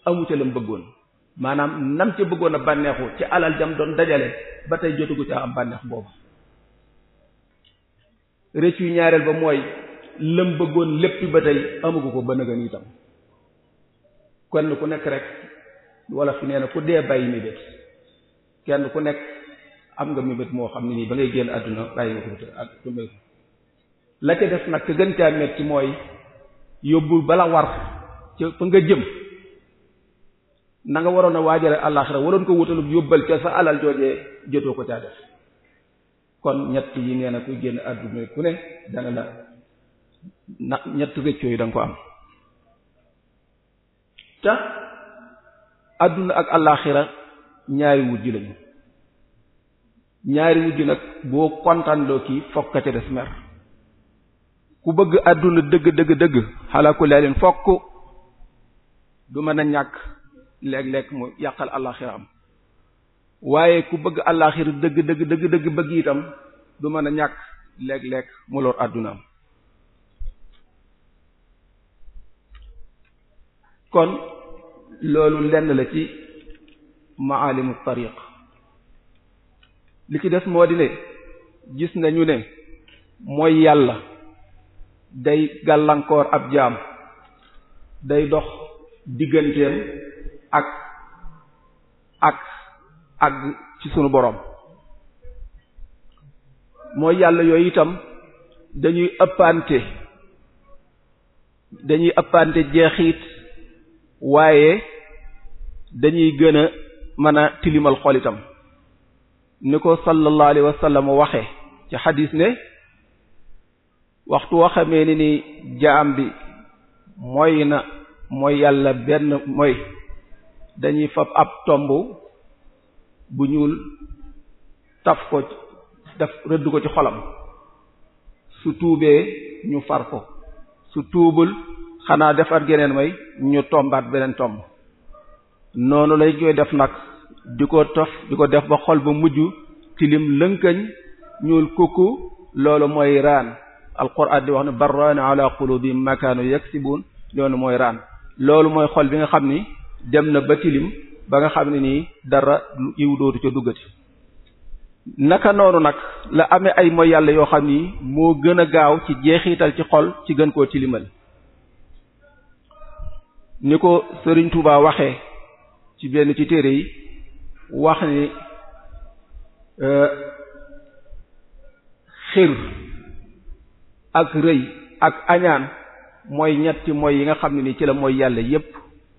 amu ca lam bëggoon maanaam nam ca bëggoon a bànneexu ci alal jam doon dajale ba tey jotugu ca am bànneex boobu rëcc ñaareel ba mooy lëm bëggoon lépp ba tey amagu ko ba nëgën tam kenn ku nekk rek wala fi nee ku dee bàyyi mébét kenn ku nekk am nga mébét moo xam ne nii ba ngay génn àdduna bàyyi nga ko ak la ca def nag ka gën caa metti mooy yóbbu bala war ca fa nga jëm na waroon a waajale àllaaxira waroon ko wutalub yóbbal ca sa alal joojee jotoo ko caa def kon ñett yi nee na kuy génn àdduna ku ne dana la na ñett wéccoo yi da ko am ca àdduna ak àllaaxira ñaari wujj lañu ñaari wujj nag boo kontaanloo kii fokk ca des mer ku bëgg àdduna dëgg dëgg dëgg xalaa ko leen fokk du mën a ñàkk léeg-léeg mu yàqal àllaaxira am waaye ku bëgg àllaaxira dëgg dëgg dëgg bëgg itam du mën a ñàkk léeg-léeg mu kon loolu lenn la ci maalimu li ci des moo di ne gis nañu ne mooy yàlla day gàllankoor ab jaam day dox digganteem ak ak àgg ci sunu boroom mooy yàlla yooyu itam dañuy ëppante dañuy ëppante jeexit waaye dañuy gën a mën a tilimal xol itam ni ko sallallahu alayhi wa sallam waxe ci xadis ne waxtu woo ni ni jaam bi mooy na mooy yàlla benn mooy dañuy fab ab tomb bu ñuul taf ko daf rëdd ko ci xolam su tuubee ñu far ko su tuubul xanaa defar geneen way ñu tombaat beneen tomb noonu lay koy def nag di ko tof di ko def ba xol ba mujj tilim lënkañ ñuul kukku loolu mooy raan alquran di wax ne barrana ala qulubi makanu yaksibun loolu mooy raan loolu mooy xol bi nga xam ni dem na ba tilim ba nga xam ne nii dara yiw dootu ca duggati naka noonu nag la amee ay mooy yàlla yoo xam ni moo gën a gaaw ci jeexital ci xol ci gën koo tilimal ni ko Serigne Touba waxee ci benn ci téere yi wax ni euh, xir ak rëy ak añaan mooy ñetti mooy yi nga xam ne ni ci la mooy yàlla yépp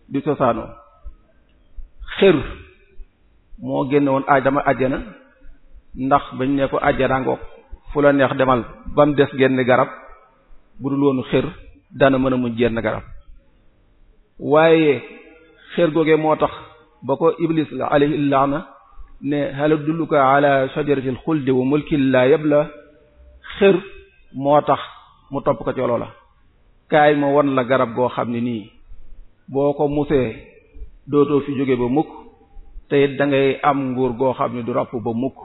di sosaanoo xéru moo génnewoon woon aadama ajjana ndax bañ ne ko ajjana ngoog fu la neex demal ba mu des génn garab bu dul woonu xér dana mën a muñ génn garab waaye xér googee moo tax ba ko iblis alayhi laana ne hal adulluka ala shajaratil xuldi wa mulkin la yabla moo tax mu topp ko ci la kaay ma won la garab goo xam ne nii boo ko musee dootoo fi jóge ba mukk te dangay am nguur goo xam ne du ràpp ba mukk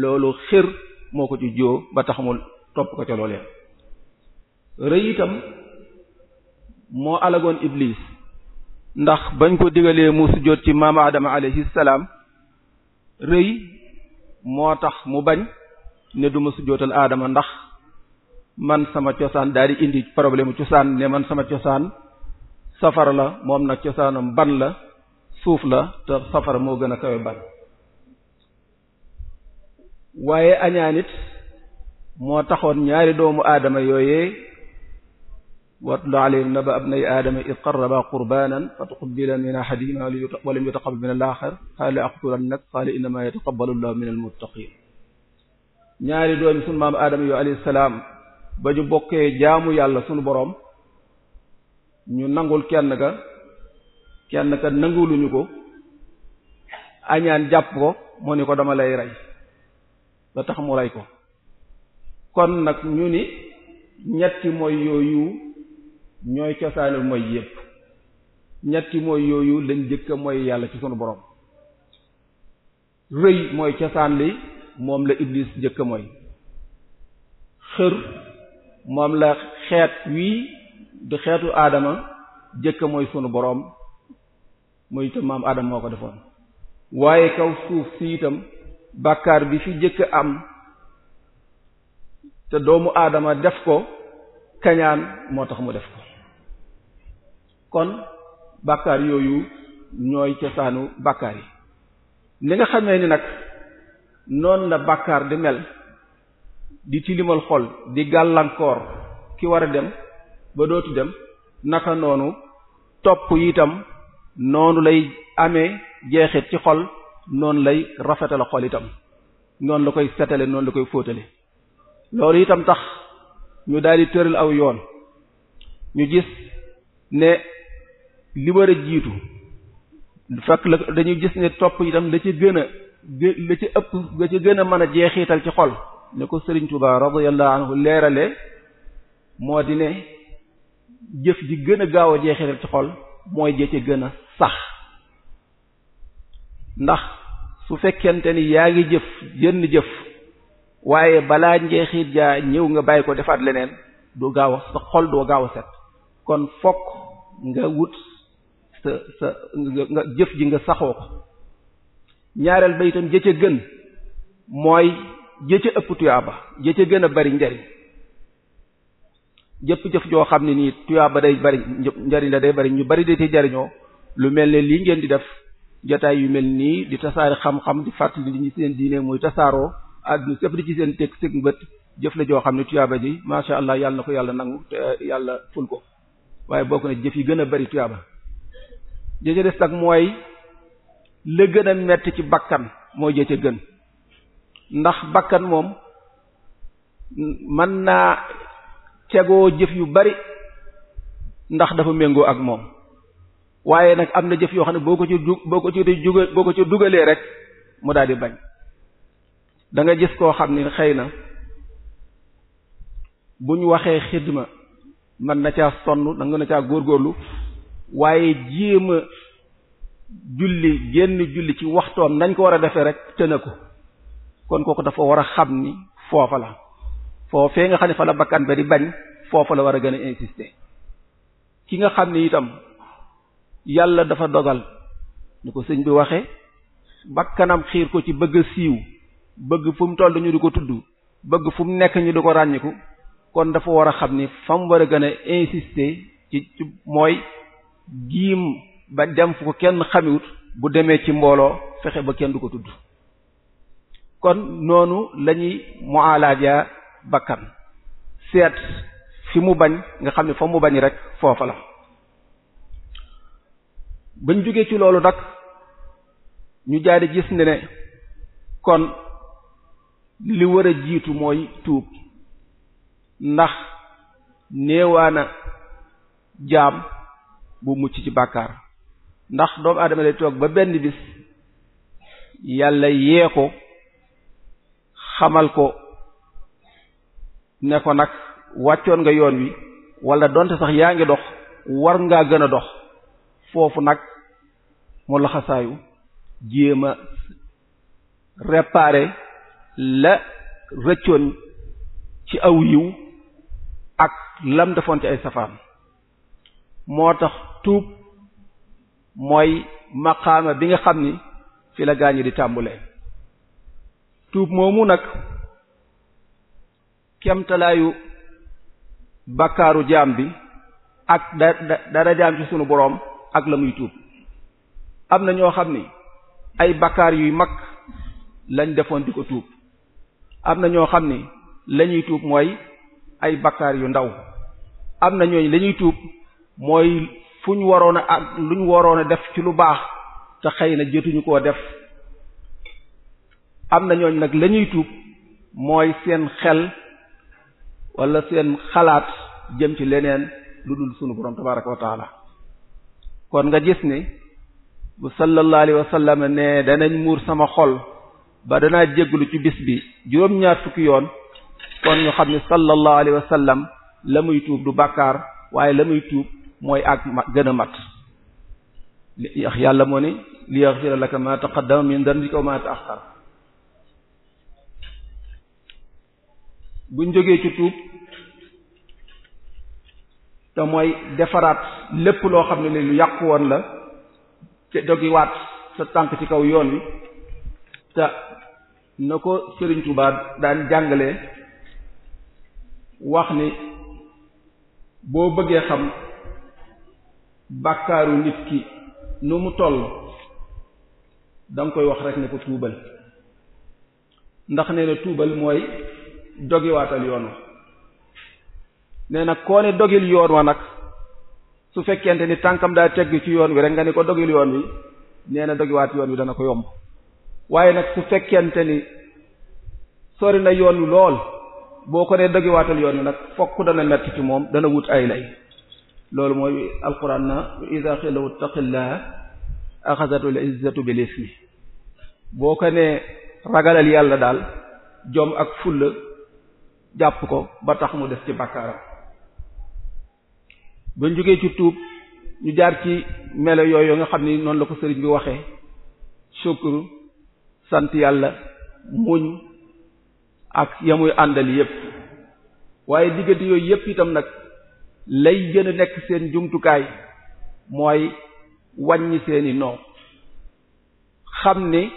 loolu xër moo ko ci joo ba tax mu topp ko ca loolee rëy itam moo alagoon iblis ndax bañ ko digalee mu sujjóot ci maama adama alayhi salaam rëy moo tax mu bañ ne duma ma sujjóotal aadama ndax man sama cosaan daal di indi problème cosaan ne man sama cosaan safara la moom nag cosaanum ban la suuf la te safara moo gën a kawe ban waaye añaan it moo taxoon ñaari doomu aadama yooyee watlu alayhim naba abnay aadama id qarraba qurbanan fa tuqubila min ahadihima walam yutaqabbal min al-akhar qala aqtulannak qala innama yataqabbalu llahu min al-muttaqin ñaari doomi sunu maam aadama yooyu alayhi salaam ba ñu bokkee jaamu yàlla sunu boroom ñu nangul kenn ga kenn ka nanguwuluñu ko añaan jàpp ko mu ni ko dama lay rey la tax mu rey ko kon nag ñu ni ñetti mooy yooyu ñooy cosaanu mooy yépp ñetti mooy yooyu lañ jëkk mooy yàlla ci sunu borom rëy mooy cosaan li moom la iblis jëkka mooy xër moom la xeet wii di xeetu aadama jëkk mooy sunu borom mooy itam maam Adam moo ko defoon waaye kaw suuf si itam bàkkaar bi fi jëkk am te doomu aadama def ko kañaan moo tax mu def ko kon bàkkaar yooyu ñooy cosaanu bàkkaar yi li nga xamee ni nag noon la bàkkaar di mel di tilimal xol di gàllankoor ki war a dem ba dootu dem naka noonu topp itam noonu lay amee jeexit ci xol noonu lay rafetal xol itam noonu la koy setale noonu la koy fóotale loolu itam tax ñu daal di tëral aw yoon ñu gis ne li war a jiitu fekk la dañuy gis ne topp itam la ci gën a la ci ëpp la ci gën a mën a jeexital ci xol ne ko Sëriñ Tuubaa radiyallahu anhu leerale moo di ne jëf ji gën a gaaw a jeexital ci xol mooy jëcc gën a sax ndax su fekkente ni yaa ngi jëf jënn jëf waaye balaa njeexit jaa ñëw nga bàyyi ko defaat leneen du gaaw a sa xol doo gaaw a set kon fokk nga wut sa sa nga jëf ji nga saxoo ko ñaareel ba itam jëcc gën mooy jëcc ëpp tuyaaba jëcc gën a bari njariñ jëpp jëf joo xam ne nii tuyaa ba day bari njariñ la day bari ñu bari da ci jariñoo lu mel ne lii ngeen di def jotaay yu mel nii di tasaare xam-xam di fàttali li ñu seen diine muy tasaaroo àdduna sëf di ci seen teg sëg bët jëf la joo xam ne tuyaaba ji masha Allah yàlla na ko yàlla nangu te yàlla ful ko waaye bokk na jëf yi gën a bari tuyaaba jëcë des nag mooy la gën a metti ci bàkkan mooy jëcë gën ndax bakkan moom mën naa tegoo jëf yu bari ndax dafa méngoo ak moom waaye nag am na jëf yoo xam ne boo ko ci dug boo ko ci boo ko ci dugalee rek mu daal di bañ danga nga gis koo xam ni xëy na bu ñu waxee xidma mën na caa sonn da nga na caa góorgóorlu waaye jéem a julli génn julli ci waxtoom nañ ko war a defee rek tëna ko kon kooku dafa war a xam ni foofa la foofee nga xam ne fa la bakkan ba di bañ foofu la war a gën a insister ki nga xam ne itam yàlla dafa dogal ni ko sëñ bi waxe bakkanam xiir ko ci bëgg a siiw bëgg fu mu toll ñu du ko tudd bëgg fu mu nekk ñu du ko ràññiku kon dafa war a xam ni fa mu war a gën a insister ci ci mooy giim ba dem fu ko kenn xamiwut bu demee ci mbooloo fexe ba kenn du ko tudd kon noonu lañuy mu'alaja bakkan seet fi mu bañ nga xam ne fa mu bañ rekk foofa la bañ jógee ci loolu nag ñu jaari gis ne ne kon li war a jiitu mooy tuub ndax néewaana jaam bu mucc ci bàkkaar ndax doomu aadama lay toog ba benn bis yàlla yee ko xamal ko ne ko nag wàccoon nga yoon wi wala donte sax yaa ngi dox war ngaa gën a dox foofu nag mu laxasaayu jéem a réparer la rëccoon ci aw yiw ak lam defoon ci ay safaan moo tax tuub mooy maqaama bi nga xam ni fi la yi di tàmbulee tuub moomu nag kemtalaayu bakkaaru jaam bi ak da dara jaam ci sunu boroom ak la muy tuub am na ñoo xam ni ay bakkaar yuy mag lañ defoon di ko tuub am na ñoo xam ni lañuy tuub mooy ay bakkaar yu ndaw am na ñooñ tuub mooy fu ñu waroon a ak lu ñu waroon a def ci lu baax te xëy na jëtuñu koo def am na ñooñ nag la ñuy tuub mooy seen xel wala seen xalaat jëm ci leneen lu dul sunu borom tabaraka wa kon nga gis ni bu sallallahu alayhi wa sallam ne danañ muur sama xol ba danaa jégglu ci bis bi juróom-ñaar fukki yoon kon ñu xam ne sallallahu alayhi wa sallam la muy tuub du bàkkaar waaye la muy tuub mooy ak gën a mat yax yàlla moo ni li yaghfira laka ma taqaddama min dhanbika wa ma ci tuub te mooy defaraat lépp loo xam ne lu yàqu woon la te dogiwaat sa tànk ci kaw yoon wi te na ko Serigne Touba daan jàngale wax ni boo bëggee xam bàkkaaru nit ki nu mu toll danga koy wax rek ne ko tuubal ndax nee tuubal mooy dogiwaatal yoon nee nag koo ne dogil yoon wa nag su fekkente ni tànkam daal teg ci yoon wi rek nga ni ko dogil yoon wi nee na dogiwaat yoon wi dana ko yomb waaye nag su fekkente ni sori na yoon wi lool boo ko nee dogiwaatal yoon wi nag fokk dana metti ci moom dana wut ay lay loolu mooy alquran na iza qila ittaqillaha axazatul izzatu bil ismi boo ko nee ragalal yàlla daal jom ak fulla jàpp ko ba tax mu def ci bàkkaaram ba jógee ci tuub ñu jaar ci melo yooyu nga xam ni noonu la ko sëriñ bi waxee sukkur sant yàlla muñ ak yamuy àndal yépp waaye diggante yooyu yépp itam nag lay gën a nekk seen jumtukaay mooy waññi seeni noo xam ni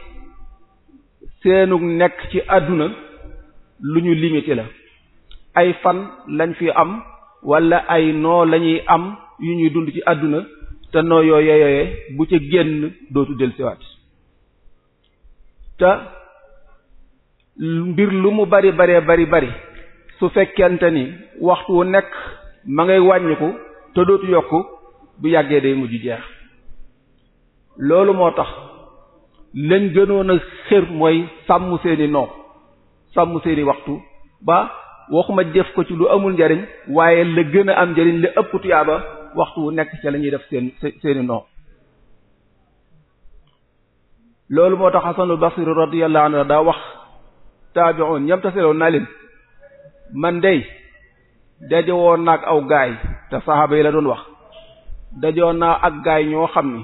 seenug nekk ci àdduna lu ñu limité la ay fan lañ fi am wala ay noo lañuy am yu ñuy dund ci àdduna te noo yooye yooye bu ca génn dootu del siwaat te mbir lu mu bari bari bari bari su fekkente ni waxtu wu nekk ma ngay wàññiku te dootu yokk bu yàggee day mujj jeex loolu moo tax lañ gënoon a xër mooy sàmm seeni noo sàmm seeni waxtu ba waxuma jëf ko ci lu amul njariñ waaye la gën a am njariñ la ëpp tuyaaba waxtu wu nekk ca la def seen seeni ndox loolu moo tax Hasanul Basri radiyallahu anhu daa wax taabi'un ñam taseeloon naa man dey dajewoon naa aw gaay te saxaaba yi la doon wax dajoo naa ak gaay ñoo xam ni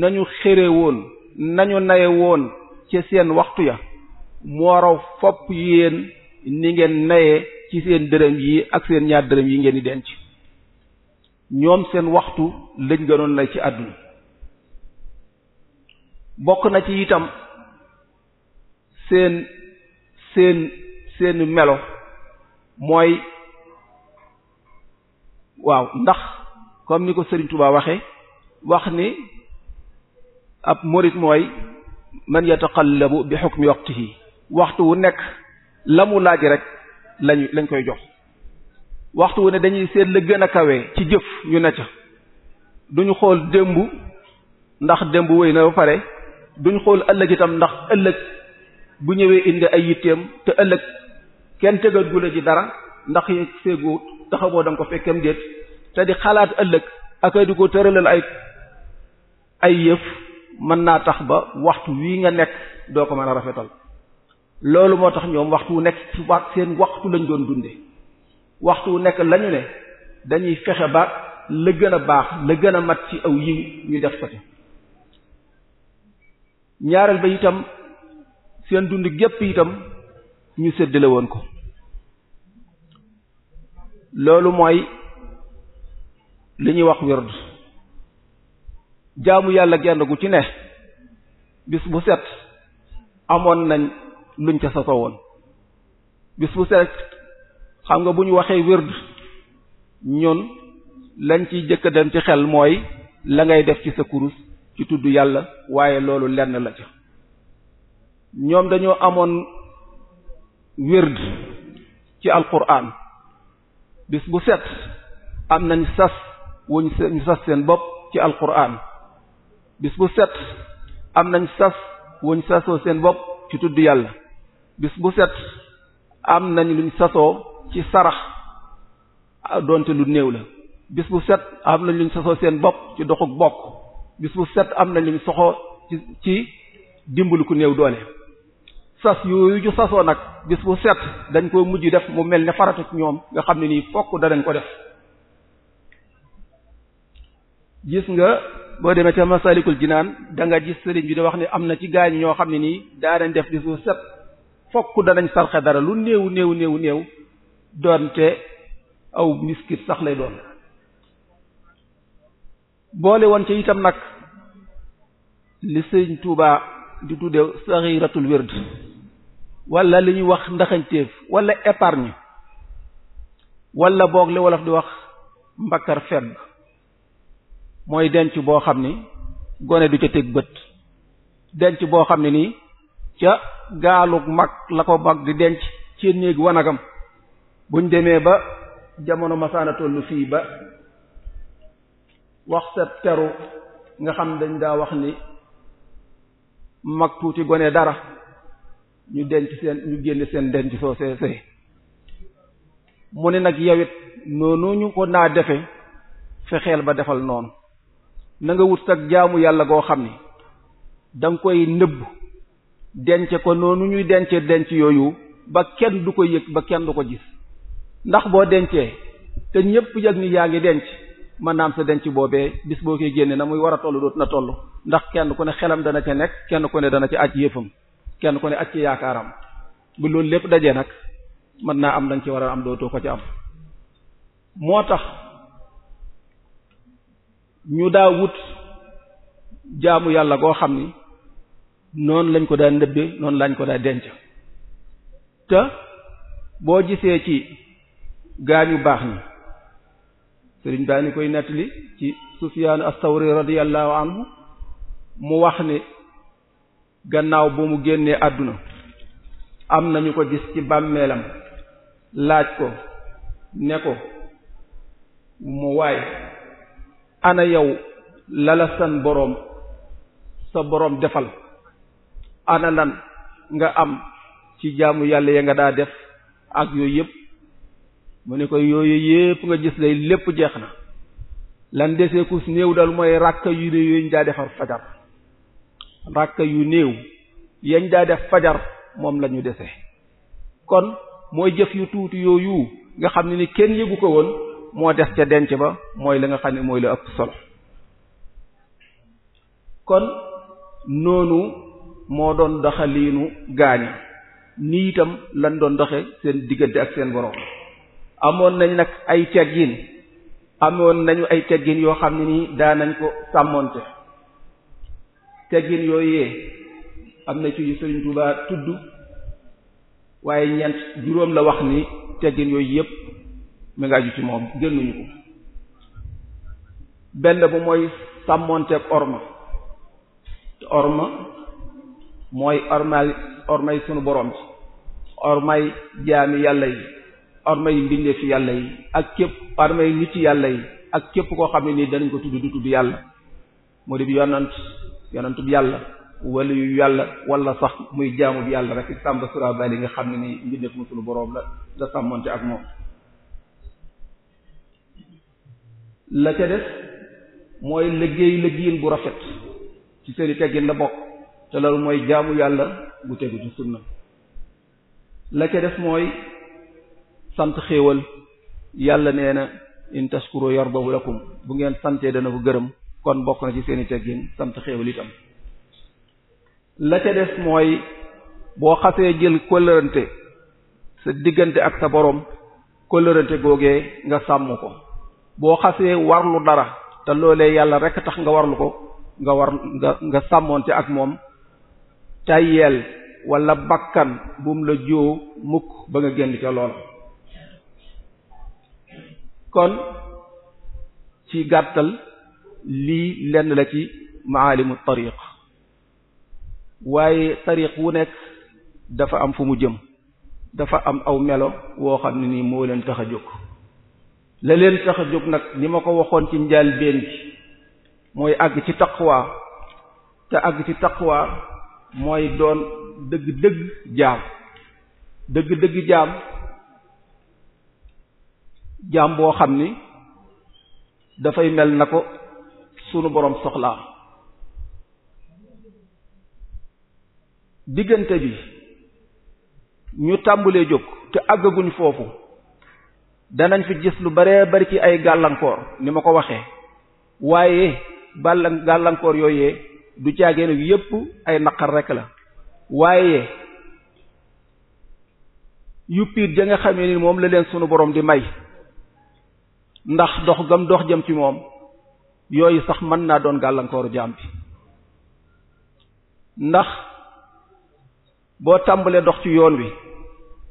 nañu xére woon nañu naye woon ci seen waxtu ya moo raw fopp yéen ni ngeen naye ci seen dërëm yi ak seen ñaar dërëm yi ngeen di denc ñoom seen waxtu lañ gënoon lay ci àdduna bokk na ci itam seen seen seen melo mooy waaw ndax comme ni ko Serigne Touba waxe wax ni ab morit mooy toqal yataqallabu bi hukmi waqtihi waxtu wu nekk la mu laaj rek lañ lañ koy jox waxtu wu ne dañuy seet la gën a kawe ci jëf ñu ne ca duñu xool démb ndax démb wéy na ba pare duñ xool ëllëg itam ndax ëllëg bu ñëwee indi ay yitteem te ëllëg kenn tëggat gula ji dara ndax yëg seegoot taxamoo da nga ko fekkam déet te di xalaat ëllëg ak di ko tëralal ay ay yëf mën naa tax ba waxtu wii nga nekk doo ko mën a rafetal loolu moo tax ñoom waxtu wu nekk ci wa seen waxtu lañ doon dunde waxtu wu nekk lañu ne dañuy fexe ba la gën a baax la gën a mat ci aw yiw ñu def ko ñaareel ba itam seen dund gépp itam ñu séddale woon ko loolu mooy li ñuy wax wird jaamu yàlla genn gu ci ne bis bu set amoon nañ luñ ca sosoo woon bis bu set xam nga bu ñu waxee wird ñun lañ ciy jëkk dem ci xel mooy la ngay def ci sa kurus ci tudd yàlla waaye loolu lenn la ca ñoom dañoo amoon wird ci alquran bis bu set am nañ sas wuñ ñu sas seen bopp ci alquran bis bu set am nañ sas wuñ sasoo seen bopp ci tudd yàlla bis bu set am nañ luñ sasoo ci sarax ah, donte lu néew la bis bu set am nañ luñ sasoo seen bopp ci doxuk bokk bis bu set am nañ luñ soxoo ci ci dimbalu ku néew doole sas yooyu ñu sasoo nag bis bu set dañ koo mujj def mu mel ni farata ñoom nga xam ne nii fokk danañ ko def gis nga boo demee ca Masalikul Jinaan da nga gis sëriñ bi da wax ne am na ci gaañ ñoo xam ne nii daa dañ def bis bu set fokk danañ sarxe dara lu néew néew néew néew doonte aw miskit sax lay doon boole woon ci itam nag li sëñ Touba di tudde saxiratul wird walla li ñuy wax ndaxañteef wala épargne wala boog li wolof di wax mbakkar fedd mooy denc boo xam ni gone du ca teg bët denc boo xam ne nii ca gaalug mag la ko mag di denc ci néeg wanagam buñ demee ba jamono masaana tollu fii ba wax set teru nga xam dañ daa wax ni mag tuuti gone dara ñu denc seen ñu génn seen denc soo see mu ne nag yowit noonu ñu ko naa defe fexeel ba defal noonu nanga nga wut sag jaamu yàlla goo xam ni danga koy nëbb denc ko noonu ñuy denc denc yooyu ba kenn du ko yëg ba kenn du ko gis ndax boo dencee te ñépp yëg ni yaa ngi denc mën naam sa denc boobee bis boo koy génne na muy war a toll doot na toll ndax kenn ku ne xelam dana ca nekk kenn ku ne dana ci aj yëfam kenn ku ne aj ci yaakaaram bu loolu lépp dajee nag mën naa am danga ci war a am dootoo ko ci am moo tax ñu daa wut jaamu yàlla goo xam ni noonu lañ ko daa nëbbe noonu lañ ko daa denc te boo gisee ci gaañu baax ni sëriñ baa ni koy nettali ci Sufyaan as-Sawri radiyallahu anhu mu wax ni gannaaw bu mu génnee àdduna am nañu ko gis ci bàmmeelam laaj ko ne ko mu waay ana yow lala san boroom sa boroom defal ana lan nga am ci jaamu yàlla ya nga daa def ak yooyu yëpp mu ne ko yooyu yëpp nga gis day lépp jeex na lan desee ku néew dal mooy ràkk yu néew yañ daa defar fajar ràkk yu néew yañ daa def fajar moom lañu dese kon mooy jëf yu tuuti yooyu nga xam ne ni kenn yëgu ko woon moo des ca denc ba mooy la nga xam ne mooy la ëpp solo kon noonu moo doon doxaliinu gaaña nii itam lan doon doxe seen diggante ak seen boroom amoon nañ nag ay teggin amoon nañu ay teggin yoo xam ne nii daanañ ko sàmmoonte teggin yooyee am na ci yu Sëriñ tudd waaye ñeent la wax ni teggin yooyu yépp mi ci moom génnuñu ko benn bu mooy sàmmoonteeg orma te mooy ormay ormay sunu boroom bi ormay jaami yàlla yi ormay mbindeefi yàlla yi ak képp ormay nit yàlla yi ak képp koo xam ne nii danañ ko tudd du tudd yàlla moo di bi yonant yonantub yàlla wala yàlla wala sax muy jaamu bi yàlla rek sàmba surabaali nga xam ne nii mbindeef mu sunu borom la nga ak moom la ca def mooy liggéey liggéeyin bu rafet ci seeni teggin la bokk te loolu mooy jaamu yàlla bu tegu ci sunna la ca def mooy sant xéewal yàlla nee na in tashkuru yardahu lakum bu ngeen santee dana ko gërëm kon bokk na ci seeni teggin sant xéewal itam la ca def mooy boo xasee jël kóllërante sa diggante ak sa boroom kóllërante googee nga sàmm ko boo xasee warlu dara te loolee yàlla rek tax nga warlu ko nga war nga nga sàmmoonte ak moom tayyeel walla bakkan bum la joo mukk ba nga génn ca loola kon ci gàttal lii lenn la ci maalimu tariq waaye tariq wu nekk dafa am fu mu jëm dafa am aw melo woo xam ne nii moo leen tax a jóg la leen tax jóg nag ni ma ko waxoon ci njaal benn bi mooy àgg ci taqwa te àgg ci taqwa mooy doon dëgg-dëgg jaam dëgg-dëgg jaam jaam boo xam ni dafay mel na ko sunu boroom soxlaa diggante bi ñu tàmbalee jóg te àggaguñ foofu danañ fi gis lu bare bari ci ay gàllankoor ni ma ko waxee waaye bàll gàllankoor yooyee du caagee nag yépp ay naqar rek la waaye yu piit ja nga xamee ni moom la leen sunu borom di may ndax dox gam dox jëm ci moom yooyu sax mën naa doon gàllankooru jaam bi ndax boo tàmbalee dox ci yoon wi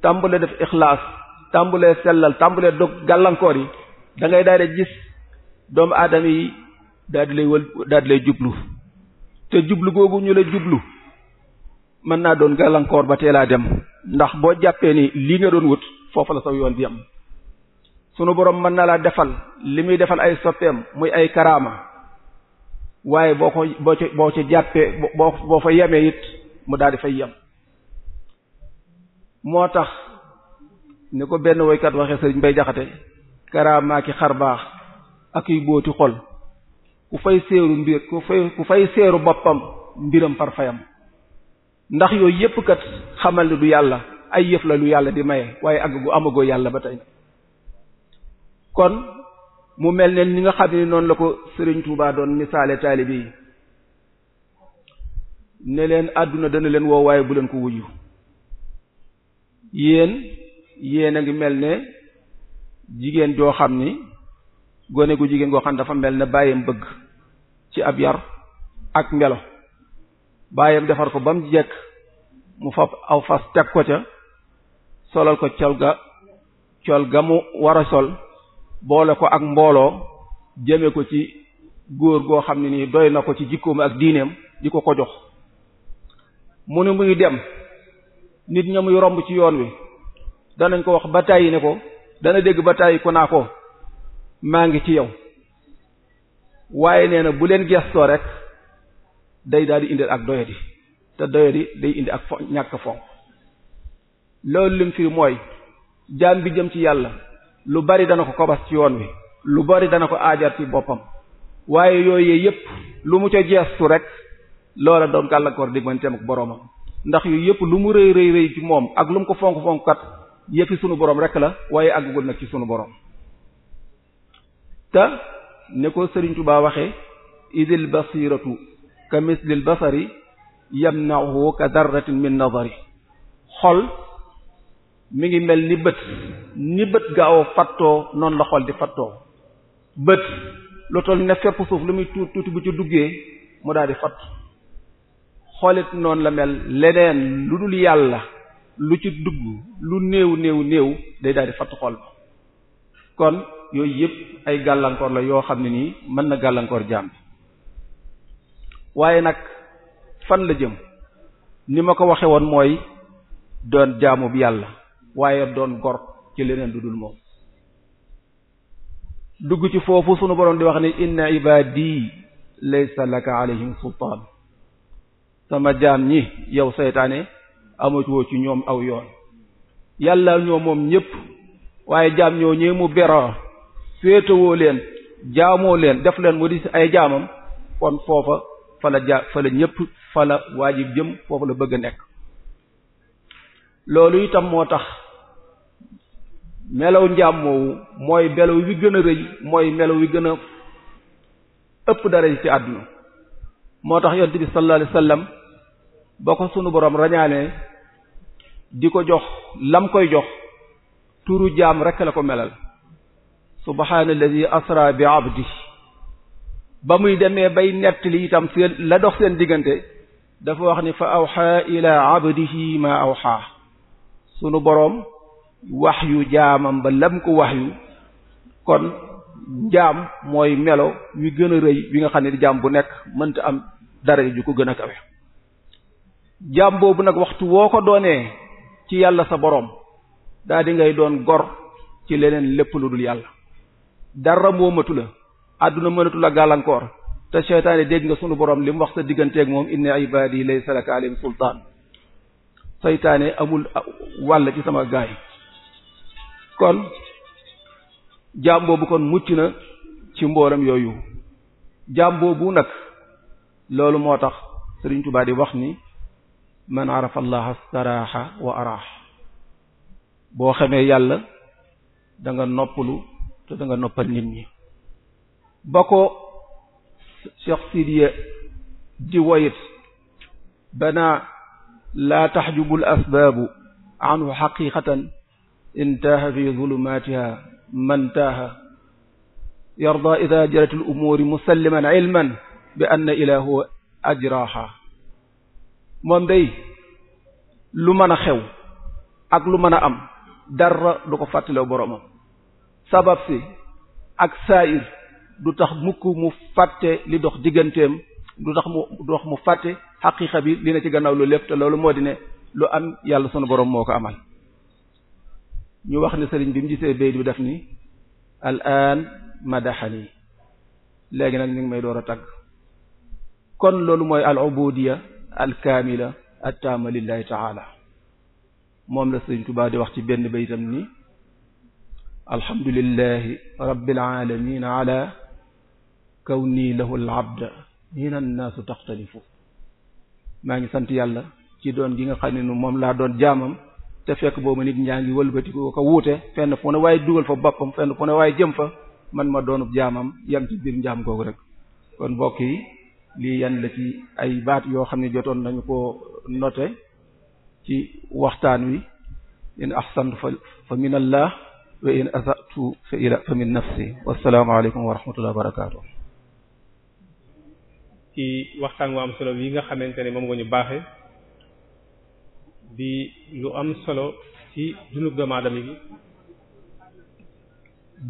tàmbalee def ixlaas tàmbalee sellal tàmbalee dog gàllankoor yi dangay ngay gis doomu aadama yi daal di lay wël daal lay jublu te jublu googu ñu la jublu mën naa doon gàllankoor ba laa dem ndax boo jàppee ni lii nga doon wut foofu la saw yoon bi am sunu borom mën na laa defal li muy defal ay soppeem muy ay karaama waaye boo ko boo ca boo ca jàppee boo boo fa yemee it mu daal di fay yem moo tax ni ko benn woykat waxee sëriñ bay jaxate karaamaa ki xar baax ak yu booti xol ku fay seeru mbir ku fay ku fay seeru boppam mbiram par ndax yooyu yépp kat xamal ne du yàlla ay yëf la lu yàlla di maye waaye àgg gu amagoo yàlla ba tey kon mu mel ne ni nga xam ne noonu la ko Serigne Touba doon misaale taalibe yi ne leen àdduna dana leen woo waaye bu leen ko wuyu yéen yéen a ngi mel ne jigéen joo xam ni gone gu jigéen goo xam dafa mel ne bàyyam bëgg ci ab yar ak melo bàyyam defar ko ba mu jekk mu fab aw fas teg ko ca solal ko col ga col mu war a sol boole ko ak mbooloo jëme ko ci góor goo xam ne nii doy na ko ci jikkoom ak diineem di ko ko jox mu ne muy dem nit ña muy romb ci yoon wi danañ ko wax ba tàyyi ne ko dana dégg ba tàyyi ko naa ko maa ngi ci yow waaye nee na bu leen gestoo rek day daal di indil ak doyadi te doyadi day indi ak fo ñàkk fonk loolu lim firi mooy jaan bi jëm ci yàlla lu bari dana ko kobas ci yoon wi lu bari dana ko aajar ci boppam waaye yooyu yëpp lu mu ca geestu rek loola doon gàllankoor digganteem ak boroomam ndax yooyu yëpp lu mu rëy rëy rëy ci moom ak lu mu ko fonk fonk kat sunu boroom rek la waaye àggagul nag ci sunu boroom te ne ko Sëriñ Tuubaa waxe idil basiratu ka mislil basari yamna'uhu ka darratin min nazari xol mi ngi mel ni bët ni bët gaaw fattoo noonu la xol di fattoo bët lu toll ne fepp suuf lu muy tuuti bu ci duggee mu daal di fatt xolit noon la mel leneen lu dul yàlla lu ci dugg lu néew néew néew day daal di fatt xol kon yooyu yëpp ay gàllankoor la yoo xam ne nii mën na gàllankoor jaam bi waaye nag fan la jëm ni ma ko waxe woon mooy doon jaamu bi yàlla waaye doon gor ci leneen du dul moom dugg ci foofu sunu boroom di wax ni inna ibadi laysa laka alayhim sultaan sama jaam ñi yow seytaane amatuwoo ci ñoom aw yoon yàlla ñoo moom ñépp waaye jaam ñoo ñee mu bero féetewoo leen jaamoo leen def leen mu di ay jaamam kon foofa fa la ja fa la ñëpp fa la waajib jëm foofa la bëgg a nekk loolu itam moo tax melaw njaam moowu mooy melaw wi gën a rëy mooy melaw wi gën a ëpp dara ci àdduna moo tax yonent bi sallallahu alayhi wasallam ba ko sunu borom rañaane di ko jox lam koy jox turu jaam rek la ko melal subhaana alladi asra bi abdi ba muy demee bay nettali itam seen la dox seen diggante dafa wax ni fa awxaa ila abdihi ma awxaa sunu boroom wax yu jaamam ba lam ko wax yu kon jaam mooy melo wi gën a rëy wi nga xam ne jaam bu nekk mënta am dara ju ko gën a kawe jaam boobu nag waxtu woo ko doonee ci yàlla sa boroom daa di ngay doon gor ci leneen lépp lu dul yàlla dara moomatu la àdduna mënatul la gàllankoor te seytaane dégg nga sunu boroom li mu wax sa digganteeg moom inna ibadi laysa laka alayhim sultaan seytaane amul wàll ci sama gaay kon jaam boobu kon mucc na ci mboolam yooyu jaam boobu nag loolu moo tax Sëriñ Tuubaa di wax ni man arafa allah saraaxa wa araax boo xamee yàlla da nga noppalu te danga noppal nit bako ba ko Cheikh Sidiya di woyit bana laa taxjubul asbaabu anhu xaqiqatan intaaha fi zulumaatiha man taaha yarda ida al umuur musalliman ilman bi anna ilaahu ajraaha moom day lu mën a xew ak lu mën a am dara du ko fàttaloo boroomam sabab si ak saayir du tax mukk mu fàtte li dox digganteem du tax mu dox mu fàtte xaqiiqa bi li ne ci gannaaw loolu lépp te loolu moo di ne lu am yàlla sunu boroom moo ko amal ñu wax ne sëriñ bi mu gisee bayt bi def nii al an madaxani léegi nag ñu may door a tagg kon loolu mooy al ubudiya al kaamila at taama lillahi taala moom la sëriñ Tuubaa di wax ci benn baytam ni alhamdulillahi rabbil alamin ala kawni lahu alabda min annaasu taxtalifu maa ngi sant yàlla ci doon gi nga xam ne nu moom laa doon jaamam te fekk boobu nit ñaa ngi wëlbatiku ko wuute fenn fu ne waaye dugal fa boppam fenn fu ne waaye jëm fa man ma doonub jaamam yam ci biir njaam googu rek kon mbokk yi lii yan la ci ay baat yoo xam ne jotoon nañu ko noté ci waxtaan wi in ahsantu fa fa minallah wa in asatu fa ila nafsi wassalaamu aleykum wa barakaatu ci waxtaan wu am solo yi nga xamante ne moom nga ñu baaxe bi lu am solo ci dunub doomu aadama gi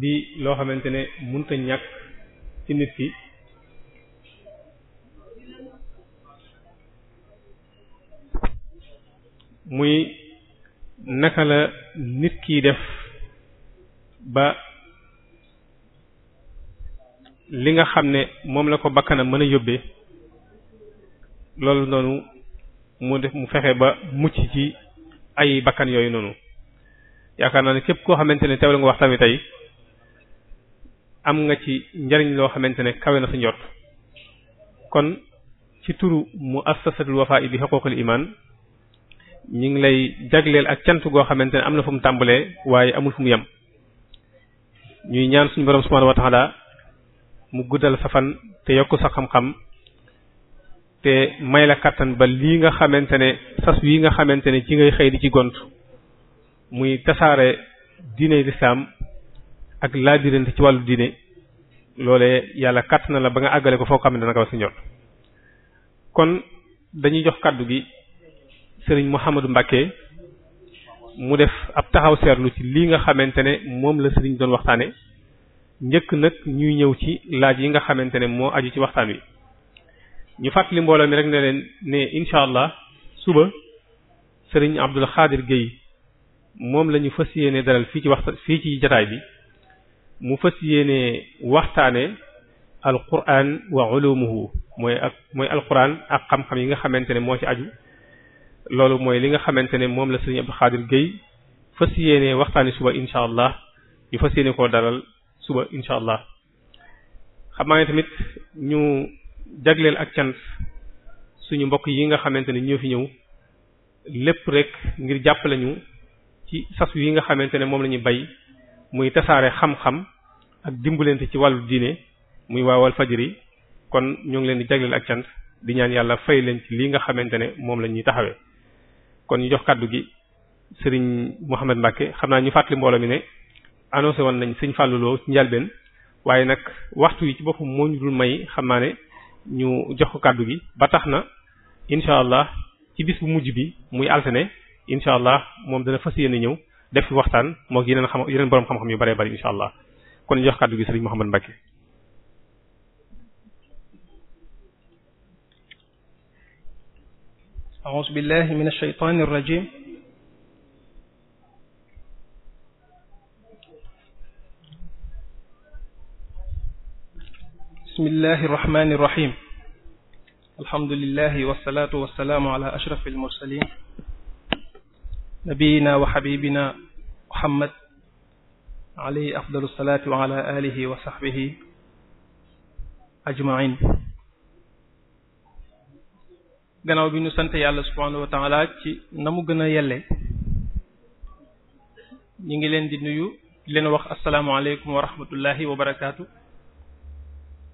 di loo xamante ne mënta ñàkk ci nit ki muy naka la nit kiy def ba li nga xam ne moom la ko bakkanam mën a yóbbee loolu noonu mu def mu fexe ba mucc ci ay bakkan yooyu noonu yaakaar naa ne képp koo xamante ne teewlu nga wax tamit tey am nga ci njariñ loo xamante ne kawe na sa njort kon ci turu muassasatul wafa'i bi huquqil iman ñu ngi lay jagleel ak cant goo xamante ne am na fu mu tàmbalee waaye amul fu mu yem ñuy ñaan suñu borom subhaanahu wa mu guddal sa fan te yokk sa xam-xam te may la kàttan ba lii nga xamante ne sas bii nga xamante ne ci ngay xëy di ci gont muy tasaare diine lislaam ak laa dirante ci wàllu diine loole yàlla kàtt na la ba nga àggale ko foo xam ne dana ko wax ñor kon dañuy jox kàddu gi sëriñ Mouhamadou Mbacke mu def ab taxaw seetlu ci lii nga xamante ne moom la sëriñ doon waxtaane njëkk nag ñuy ñëw ci laaj yi nga xamante ne moo aju ci waxtaan wi ñu fàttali mbooloo mi rek ne leen ne incha allah suba sëriñ Abdul Xaadir Guèye moom la ñu fas yéene dalal fii ci waxta fii ci jataay bi mu fas yéene waxtaane alquran wa ulumuhu mooy ak mooy alquran ak xam-xam yi nga xamante ne moo ci aju loolu mooy li nga xamante ne moom la sëriñ Abdou Khadir Gueye fas yéene waxtaani suba incha allah yu fas yéene koo dalal suba incha allah xam tamit ñu jagleel ak cant suñu mbokk yi nga xamante ni ñoo fi ñëw lépp rek ngir jàppale ñu ci sas yi nga xamante ne moom la ñuy bay muy tasaare xam-xam ak dimbalante ci wàllu diine muy waawal fajiri kon ñoo ngi leen di jagleel ak cant di ñaan yàlla fay leen ci lii nga xamante ne moom la ñuy taxawee. kon ñu jox kàddu gi sëriñ Mouhamed Mbacke xam naa ñu fàttali mbooloo mi ne annoncé woon nañ sëriñ Fallou Lo ci njalbeen waaye nag waxtu yi ci boppam moo ñu dul may xam naa ne ñu jox ko kàddu gi ba tax na incha allah ci bis bu mujj bi muy altine incha allah moom dana fas yéene ñëw def fi waxtaan moo yeneen xam yeneen borom xam-xam yu bëree bëri incha allah kon ñu jox kàddu gi sëriñ Mouhamed Mbacke أعوذ بالله من الشيطان الرجيم بسم الله الرحمن الرحيم الحمد لله والصلاة والسلام على أشرف المرسلين نبينا وحبيبنا محمد عليه أفضل الصلاة وعلى آله وصحبه أجمعين gannaaw bi ñu sant yàlla subhaanahu wa laa ci na mu gën a yelle ñu ngi leen di nuyu leen wax asalaamaaleykum wa rahmatullahi wa barakaatu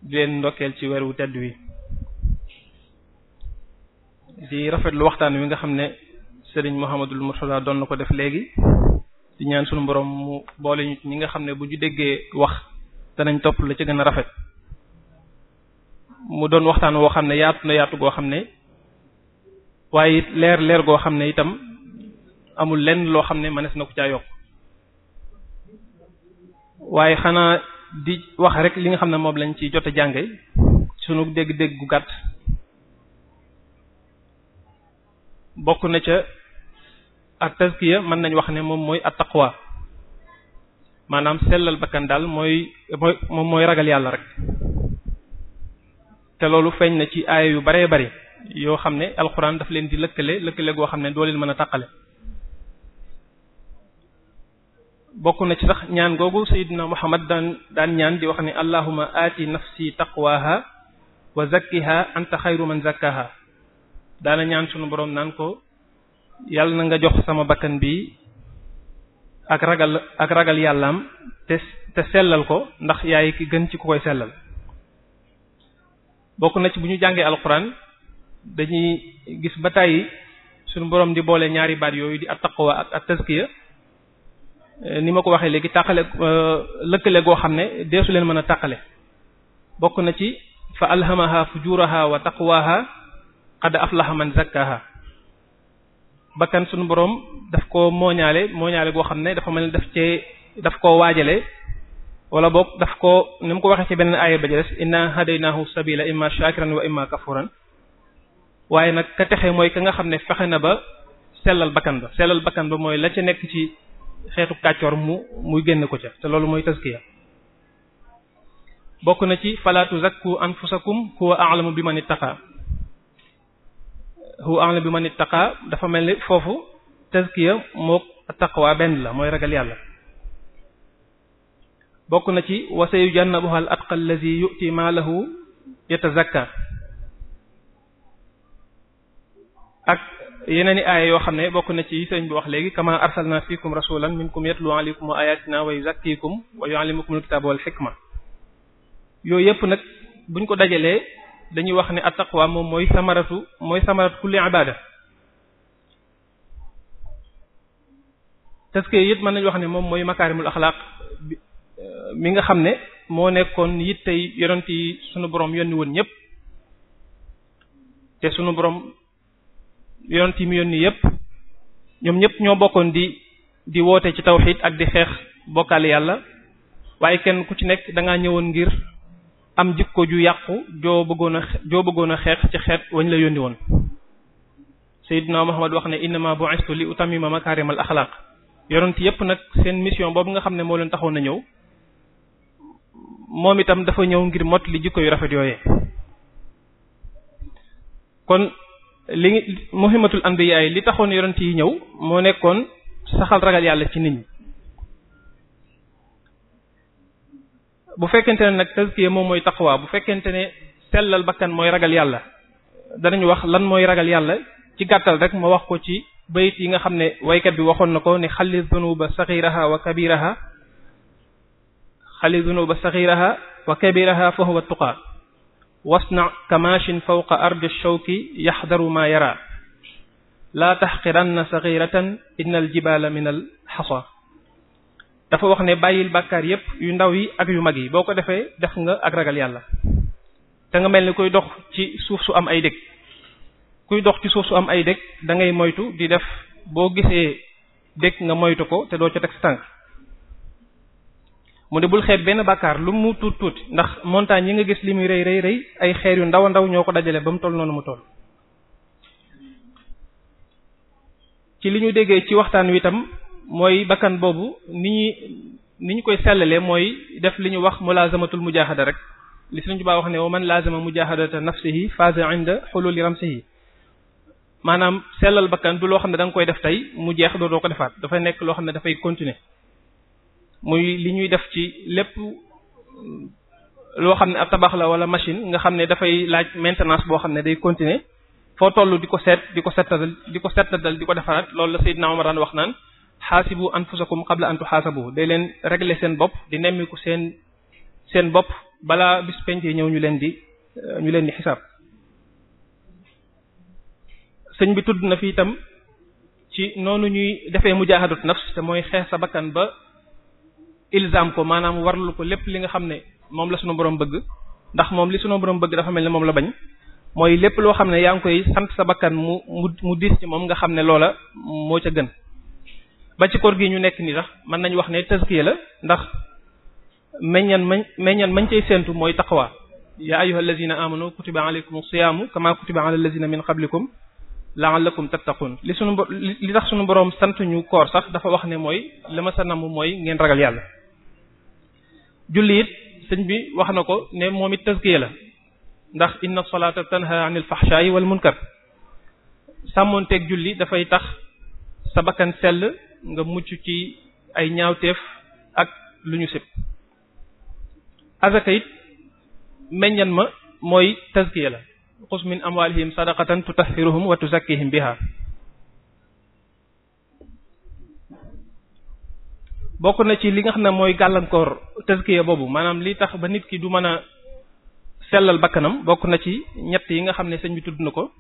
di leen ndokkeel ci weer wu tedd wi di rafetlu waxtaan wi nga xam ne sëriñ Mouhamadul Murtada doon na ko def léegi di ñaan sunu borom mu boole ñu ñi nga xam ne bu ñu déggee wax danañ topp la ci gën a rafet mu doon waxtaan woo xam ne yaatu na yaatu goo xam ne waaye it leer leer goo xam ne itam amul lenn loo xam ne mënees na ko caa yokk waaye xanaa di wax rek li nga xam ne moom lañ ci jot a jànge sunu dégg-dégg gu gàtt bokk na ca at tazkiya mën nañ wax ne moom mooy at maanaam sellal bakkan daal mooy mooy moom mooy ragal yàlla rek te loolu feeñ na ci aaya yu bare bare yoo xam ne alxuraan daf leen di lëkkale lëkkale goo xam ne doo leen mën a taqale bokk na ci sax ñaan googu Seydina Muhammad daan daan ñaan di wax ne allahuma aati nafsi taqwaha wa zakkiha anta xayru man zakkaha daana ñaan sunu boroom naan ko yàlla na nga jox sama bakkan bi ak ragal ak ragal yàllaam te te sellal ko ndax yaay ki gën ci ku koy sellal bokk na ci bu ñu jàngee alxuraan dañuy gis ba tàyyi suñu boroom di boole ñaari baat yooyu di at-taqwa ak at-tazkiya eh, ni ma ko waxee léegi tàqale eh, lëkkale goo xam ne deesu leen mën a tàqale bokk na ci fa alhamaha fujuraha wa taqwaha qad aflaha man zakkaha bakkan suñu borom daf ko mooñaale mooñaale goo xam ne dafa mel ne def cee daf ko waajale wala boog daf ko ni mu ko waxee ci beneen aaya ba des inna hadaynahu sabila imma shakiran wa imma kafuran waaye nag ka texe mooy ka nga xam ne fexe na ba sellal bakkan ba sellal bakkan ba mooy la ca nekk ci xeetu kàccoor mu muy génn ko ca te loolu mooy taskiya bokk na ci falaatu zakku anfusakum huwa a'lamu bi man ittaqa huwa a'lamu bi man ittaqa dafa mel ni foofu taskiya mook taqwa benn la mooy ragal yàlla bokk na ci wa sayujannabuha al atqa allazi yu'ti yatazakka ak yeneen i aaya yoo xam ne bokk na ci sëriñ bi wax léegi kama arsalna fiikum rasulan minkum yatlu alaykum ayatina wa yuzakkikum wa yuallimukumul kitaba wal hikma yooyu yëpp nag buñ ko dajalee dañuy wax ne attaqwa moom mooy samaratu mooy samaratu kulli ibada parce que it mën nañu wax ne moom mooy makaarimul axlaaq euh, mi nga xam ne moo nekkoon it tey yonent yi sunu borom yónni woon ñëpp te sunu borom yonent yi mu yónni yépp ñoom ñépp ñoo bokkoon di di woote ci tawxiid ak di xeex bokkaale yàlla waaye kenn ku ci nekk da ngaa ñëwoon ngir am jikko ju yàqu joo bëggoon a xeex ci xeet wañ la yónni woon Seydina Muhammad wax ne innama bu'istu li utammima makaarimal axlaaq yonent yépp nag seen mission boobu nga xam ne moo leen taxoon na ñëw moom itam dafa ñëw ngir mot li jikko yu rafet yooyee kon li ngi muhimmatul anbiya yi li taxoon yonent yi ñëw moo nekkoon saxal ragal yàlla ci nit ñi bu fekkente ne nag tazkiya moom mooy taqwa bu fekkente ne sellal bakkan mooy ragal yàlla danañu wax lan mooy ragal yàlla ci gàttal rek ma wax ko ci bayit yi nga xam ne waykat bi waxoon na ko ne xalli zunuba saxiraha wa kabiraha xalli zunuba saxiraha wa kabiraha fa huwa tuqa was na wasna kamaashin fawqa ardi shawki yaxdaru maa yara laa tax taxqiranna saxiratan innal jibaala minal xasa dafa wax ne bàyyil bàkkaar yépp yu ndaw yi ak yu mag yi boo ko defee def nga ak ragal yàlla te nga mel ni kuy dox ci suuf su am ay dëkk kuy dox ci suuf su am ay dëkk da ngay moytu di def boo gisee dëkk nga moytu ko te doo ca teg sa tànk mu ne bul xeeb benn bàkkaar lu mu tuut tuuti ndax montagne yi nga gis li muy rëy rey rëy ay xeer yu ndaw ndaw ñoo ko dajale ba mu toll noonu mu toll ci li ñu déggee ci waxtaan wi itam mooy bakkan boobu ni ñuy ni ñu koy sellalee mooy def li ñu wax mulazamatul mujahada rek li Sëriñ Tuubaa wax ne wa man lazama mujahadata nafsihi faza inda hululi ramsihi maanaam sellal bakkan du loo xam ne da nga koy def tey mu jeex doo doo ko defaat dafay nekk loo xam ne dafay continuer muy li ñuy def ci lépp loo xam ne ak tabax la wala machine nga xam ne dafay laaj maintenance boo xam ne day continuer foo toll di ko seet di ko settatal di ko settatal di ko defaraat loolu la Seydina Omar daan wax naan xaasibu anfusakum qabla an tuxaasabu day leen régler seen bopp di nemmiku seen seen bopp balaa bis penc ñëw ñu leen di ñu leen di xisaab sëñ bi tudd na fi itam ci noonu ñuy defee mujaahadat nafs te mooy xeex sa bakkan ba ilzam ko maanaam warlu ko lépp li nga xam ne moom la suñu boroom bëgg ndax moom li sunu boroom bëgg dafa mel ne moom la bañ mooy lépp loo xam ne yaa ngi koy sant sa bakkan mu mu mu ci moom nga xam ne loola moo ca gën ba ci koor gi ñu nekk nii sax mën nañu wax ne tazkiya la ndax meññan mañ meññan mañ cay séentu mooy taqwa ya ayyuhal lazina amanu kutiba alaykum as-siyamu kama kutiba alal lazina min qablikum la'allakum tattaqun li sunu li tax sunu borom sant koor sax dafa wax ne mooy li ma sa namm mooy ngeen ragal yàlla julli it sëñ bi wax na ko ne moom it tazkiya la ndax inna salata tanha anil fahsha'i wal munkar sàmmoonteeg julli dafay tax sa bakkan sell nga mucc ci ay ñaawteef ak lu ñu sib azaka it meññan ma mooy tazkiya la xus min amwalihim sadaqatan tutahhiruhum wa tuzakkihim biha bokk na ci li nga xam ne mooy gàllankoor tëskiya boobu maanaam li tax ba nit ki du mën a sellal bakkanam bokk na ci ñett yi nga xam ne sañ bi tudd na ko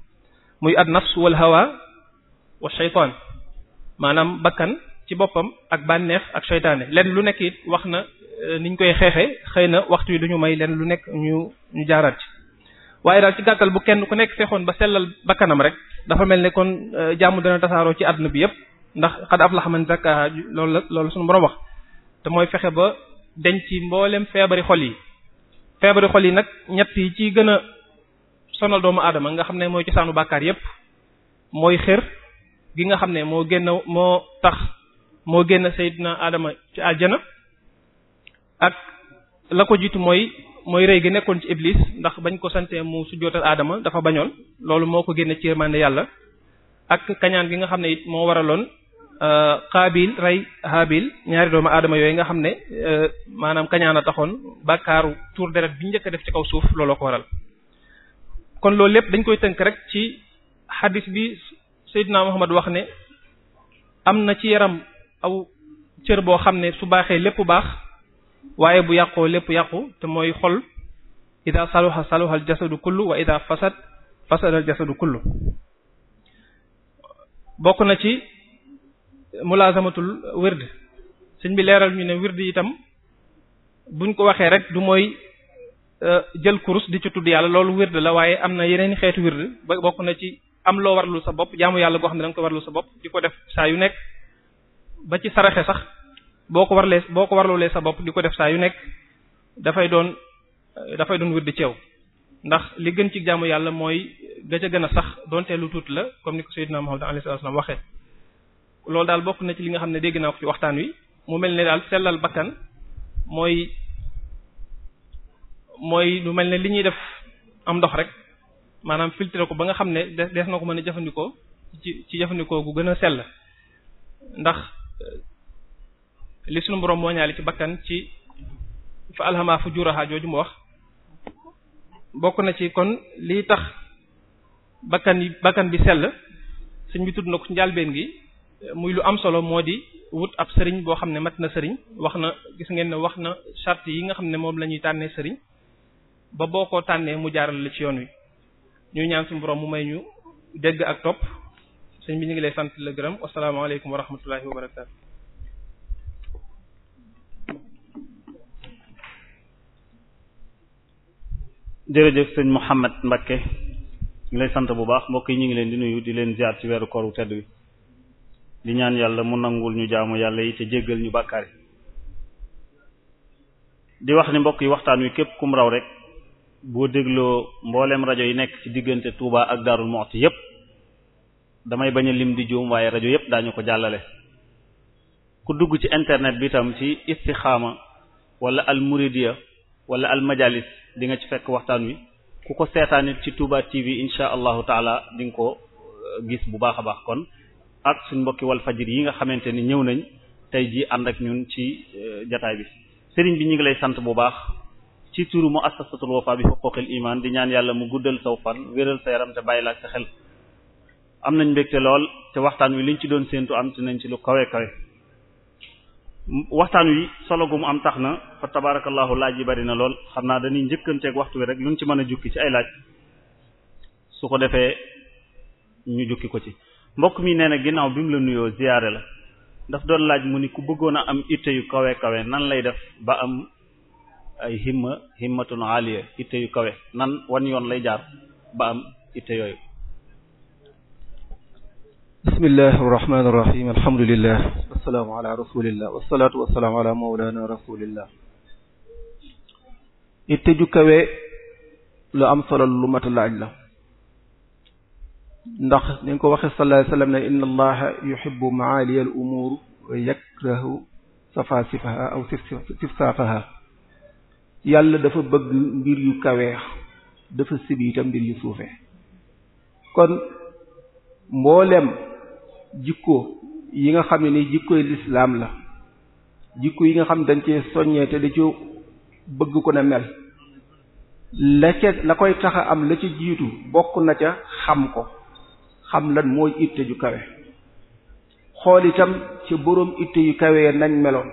muy ad nafs wal hawa wa shaytaan maanaam bakkan ci boppam ak bànneex ak seytaane lenn lu nekk it wax na eh, niñ koy xeexee xëy na waxtu wi duñu may leen lu nekk ñu ñu jaaraat ci waaye daal ci gàttal bu kenn ku nekk fexoon ba sellal bakkanam rek dafa mel ne kon eh, jàmm dana tasaaroo ci àdduna bi yépp ndax xad aflaha man zakkaha loolu la loolu suñu borom wax te mooy fexe ba denc mboolem feebari xol yi feebari xol yi nag ñett yi ci gën a sonal doomu aadama nga xam ne mooy cosaanu bàkkaar yépp mooy xër gi nga xam ne moo génn moo tax moo génn sayyidina aadama ci aljana ak ko jiitu mooy mooy rëy gi nekkoon ci iblis ndax bañ ko sante mu sujjootal aadama dafa bañoon loolu moo ko génn ci yërmande yàlla ak kañaan gi nga xam ne it moo waraloon Qaabil euh, rey Haabil ñaari doomu aadama yooyu nga xam ne euh, maanaam kañaan a taxoon bakkaaru tour deret bi njëkk a def ci kaw suuf looloo ko waral kon loolu lépp dañ koy tënk rek ci xadis bi Seydina Muhammad wax ne am na ci yaram aw cër boo xam ne su baaxee lépp baax waaye bu yàqoo lépp yàqu te mooy xol ida saluha saluha al jasadu kullu wa ida fasad fasad al jasadu kullu bokk na ci mulaasamatul wird sëñ bi leeral ñu ne wird itam buñ ko waxee rek du mooy euh, jël kurus di ci tudd yàlla loolu wird la waaye am na yeneen xeetu wird ba bokk na ci am loo warlu sa bopp jaamu yàlla goo xam ne da nga ko warlu sa bopp di ko def saa yu nekk ba ci saraxe sax boo ko warlee boo ko warlulee sa bopp di ko def saa yu nekk dafay doon dafay doon wird ci yow ndax li gën ci jaamu yàlla mooy ga ca gën sax donte lu tuut la comme ni ko Sayyidina Muhammad sallallahu alayhi wasallam waxee loolu daal bokk na ci li nga xam ne dégg naa ko ci waxtaan wi mu mel ne daal sellal bakkan mooy mooy lu mel ni li ñuy def am ndox rek maanaam filtre ko ba nga xam ne des na ko mën a jëfandikoo ci ci jëfandikoo gu gën a sell ndax euh, li sunu borom moo ci bakkan ci fa alhamaa fujuraha jooju mu wax bokk na ci kon lii tax bakkan yi bakkan bi sell suñ bi tudd na ko ci njàlbeen gi muy lu am solo moo di wut ab sëriñ boo xam ne mat na sëriñ wax na gis ngeen ne wax na charte yi nga xam ne moom la ñuy tànnee sëriñ ba boo ko tànnee mu jaaral la ci yoon wi ñuy ñaan si borom mu may ñu dégg ak topp sëñ bi ñu ngi lay sant la gërëm wasalaamaaleykum wa rahmatullahi wa barakaatu. jërëjëf sëñ Mouhamed Mbacke mbakke lay sant bu baax mbokk yi ñu ngi leen di nuyu di leen jaar ci weeru koor wu tedd wi. di ñaan yàlla mu nangul ñu jaamu yàlla yi te jéggal ñu bàkkaar yi di wax ni mbokk yi waxtaan wi képp kum raw rek boo dégloo mbooleem rajo yi nekk ci diggante Touba ak Darou Moukhty yépp damay bañ a lim di juum waaye rajo yépp daañu ko jàllale ku dugg ci internet bi itam ci istixaama wala al muridiya wala al majalis di nga ci fekk waxtaan wi ku ko seetaanit ci Touba TV insha allahu taala di nga ko euh, gis bu baax a baax kon ak suñ mbokki wal fajir yi nga xamante ni ñëw nañ tey jii ànd ak ñun ci euh, jataay bi sëriñ bi ñu ngi lay sant bu baax ci turu mu assasatul wafa bi huquqil iman di ñaan yàlla mu guddal saw fan wéral sa yaram te bàyyi laaj sa xel am nañ mbégte lool te waxtaan wi liñ ci doon séentu am ci nañ ci lu kawe kawe waxtaan wi solo gu mu am tax na fa tabarakallahu laaj yi bari na lool xam naa dañuy njëkkanteek waxtu wi rek luñ ci mën a jukki ci ay laaj su ko defee ñu jukki ko ci mbokk mi nee na ginnaaw bi mu la nuyoo ziyaare la daf doon laaj mu ni ku bëggoon a am itte yu kawe kawe nan lay def ba am ay himma himmatun aliya itte yu kawe nan wan yoon lay jaar ba am itte yooyu bismillahi arrahmani irrahim alhamdulillah wassalaamu ala rasulillah wassalatu itte ju kawe lu am solo lu mat laaj la ndax dañ ko waxee sallallahu alayhi wasallam ne inna allaha yuhibbu maaliya al umuur wa yakrahu safaasifaha aw sifsaafaha yàlla dafa bëgg mbir yu kaweex dafa sibi mbir yu suufee kon mboolem jikko yi nga xam ne ni jikkoy lislaam la jikko yi nga xam dañ cee soññee te da ci bëgg ko na mel la ca la koy taxa am la ca jiitu bokk na ca xam ko xam lan mooy itte ju kawe xool itam ci boroom it yu kawe ya meloon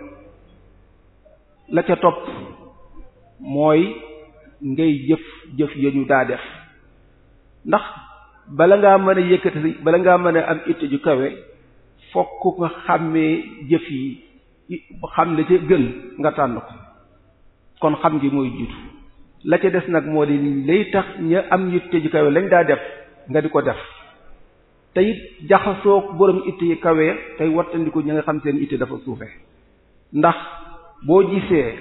la ca topp mooy ngay jëf jëf ya ñu daa def ndax bala ngaa mën a yëkkati bala ngaa mën a am itte ju kawe fokk nga xàmmee jëf yi xam la ca gën nga tànn ko kon xam ngi mooy jiitu la ca des nag moo di lay tax ña am itte ju kawe lañ daa def nga di ko def te it jaxasoog borom itte yi kawee tey wattandiku ñi nga xam seen itte dafa suufe ndax boo gisee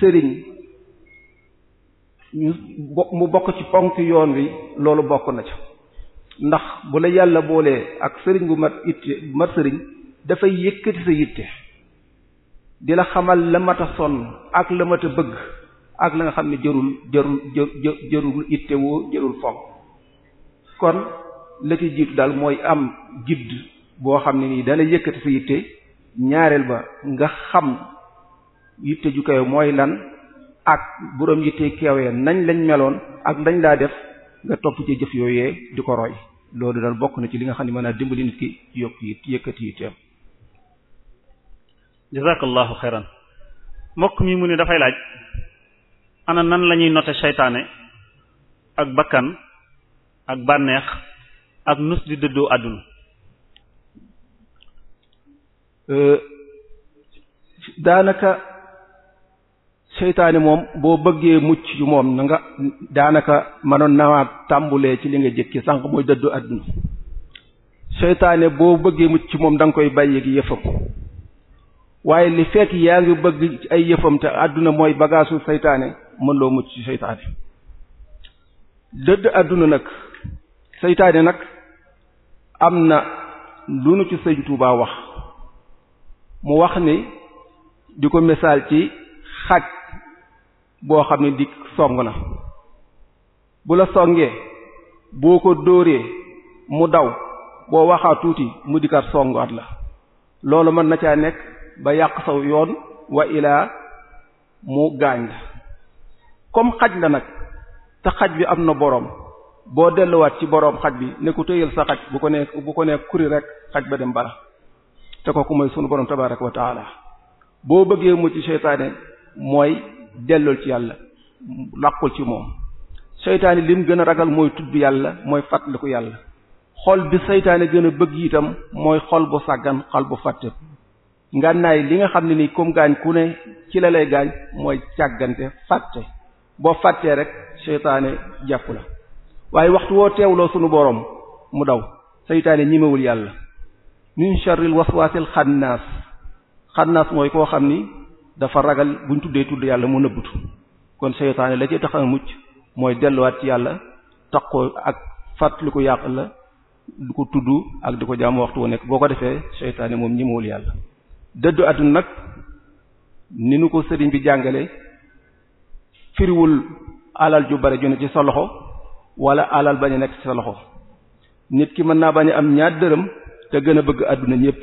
sëriñ ñu mu bokk ci ponk yoon wi loolu bokk na ca ndax bu la yàlla boolee ak sëriñ bu mat itte bu mat sëriñ dafay yëkkati sa yitte di la xamal la mat sonn ak la mat bëgg ak la nga xam ne jërul jërul jë jërul itte woo jërul fonk kon la ci jiitu daal mooy am gidd boo xam ne nii dana yëkkati sa yitte ñaareel ba nga xam yitte ju kawe mooy lan ak boroom yitte keewee nañ lañ meloon ak nañ laa def nga topp ci jëf yooyee di ko roy loolu daal bokk na ci li nga xam ne mën naa dimbali nit ki ci yokk yi yëkkati yitteem jazakallahu xeyran mbokk mi mu ne dafay laaj ana nan lañuy noter seytaane ak bakkan ak bànneex ak nus di dëddoo àdduna euh, daanaka seytaane moom boo bëggee mucc ci moom na nga daanaka mënoon naa tàmbulee ci li nga jëkki sànq mooy dëddoo àdduna seytaane boo bëggee mucc ci moom danga koy bàyyi gi yëfam waaye li fekk yaa ngi bëgg ay yëfam te àdduna mooy bagaasu seytaane mën loo mucc ci seytaane dëdd àdduna nag seytaane nag am na lu nu ci sëñ Tuubaa wax mu wax ni di ko misaal ci xaj boo xam ne di song na bu la songee boo ko dóoree mu daw boo waxaa tuuti mu dikkaat songaat la loolu mën na caa nekk ba yàq saw yoon wa ilaa mu gaañ la comme xaj la nag te xaj bi am na boroom boo delluwaat ci boroom xaj bi ne ko téyal sa xaj bu ko nee bu ko nee kuri rek xaj ba dem bala te kooku mooy sunu boroom tabaarak wa taala boo bëggee mucc seytaane mooy dellul ci yàlla làqul ci moom seytaane lim gën a ragal mooy tudd yàlla mooy ko yàlla xol bi seytaane gën a bëgg itam mooy xol bu sàggan xol bu fàtte ngànnaay li nga xam ne ni comme gaañ ku ne ci la lay gaañ mooy càggante fàtte boo fàttee rek seytaane jàpp la waaye waxtu woo teewloo sunu boroom mu daw seytaane ñimewul yàlla min sharril waswasil xannaas xannaas mooy koo xam ni dafa ragal buñ tuddee tudd yàlla mu nëbbutu kon seytaane la ci tax mucc mooy delluwaat ci yàlla taqoo ak fàttaliku yàq la du ko tudd ak di ko jaamu waxtu wu nekk boo ko defee seytaane moom ñimewul yàlla dëddu àdduna nag ni nu ko sëriñ bi jàngale firiwul alal ju bare ju ne ci sa loxo wala alal bañ a nekk ci sa loxo nit ki mën naa bañ a am ñaar dërëm te gën a bëgg àdduna ñépp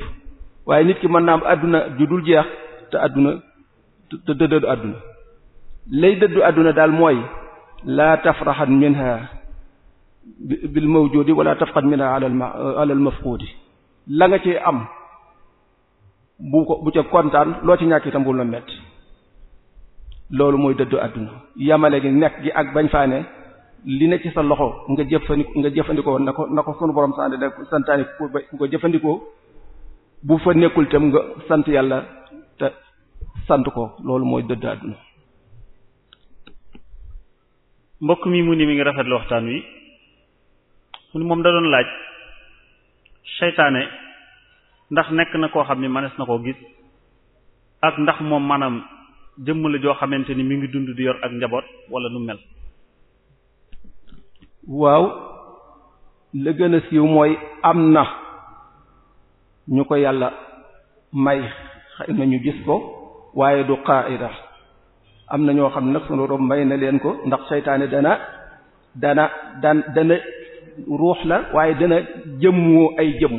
waaye nit ki mën naa am àdduna ju dul jeex te àdduna te dëddu àdduna lay dëddu àdduna daal mooy laa tafraxan minha bil mawjudi wala tafqad minha ala al mafqudi la nga ci am bu ko bu ca kontaan loo ci ñàkk itam bul la metti loolu mooy dëddu àdduna yamale gi nekk gi ak bañ faa ne li ne ci sa loxo nga jëfandikoo nga jëfandikoo na ko na ko sunu borom sant da santaane ku ko jëfandikoo bu fa nekkul tam nga sant yàlla te sant ko loolu mooy dëdd àdduna mbokk mi mu ni mi ngi rafetlu waxtaan wi mu ni moom da doon laaj seytaane ndax nekk na koo xam ni manees na koo gis ak ndax moom maanaam jëmm la joo xamante ni mi ngi dund di yor ak njaboot wala nu mel waaw la gën a siiw mooy am na ñu ko yàlla may xëy na ñu gis ko waaye du qaida am na ñoo xam ne nag sunu rob may na leen ko ndax seytaane dana dana dan dana ruux la waaye dana jëmmoo ay jëmm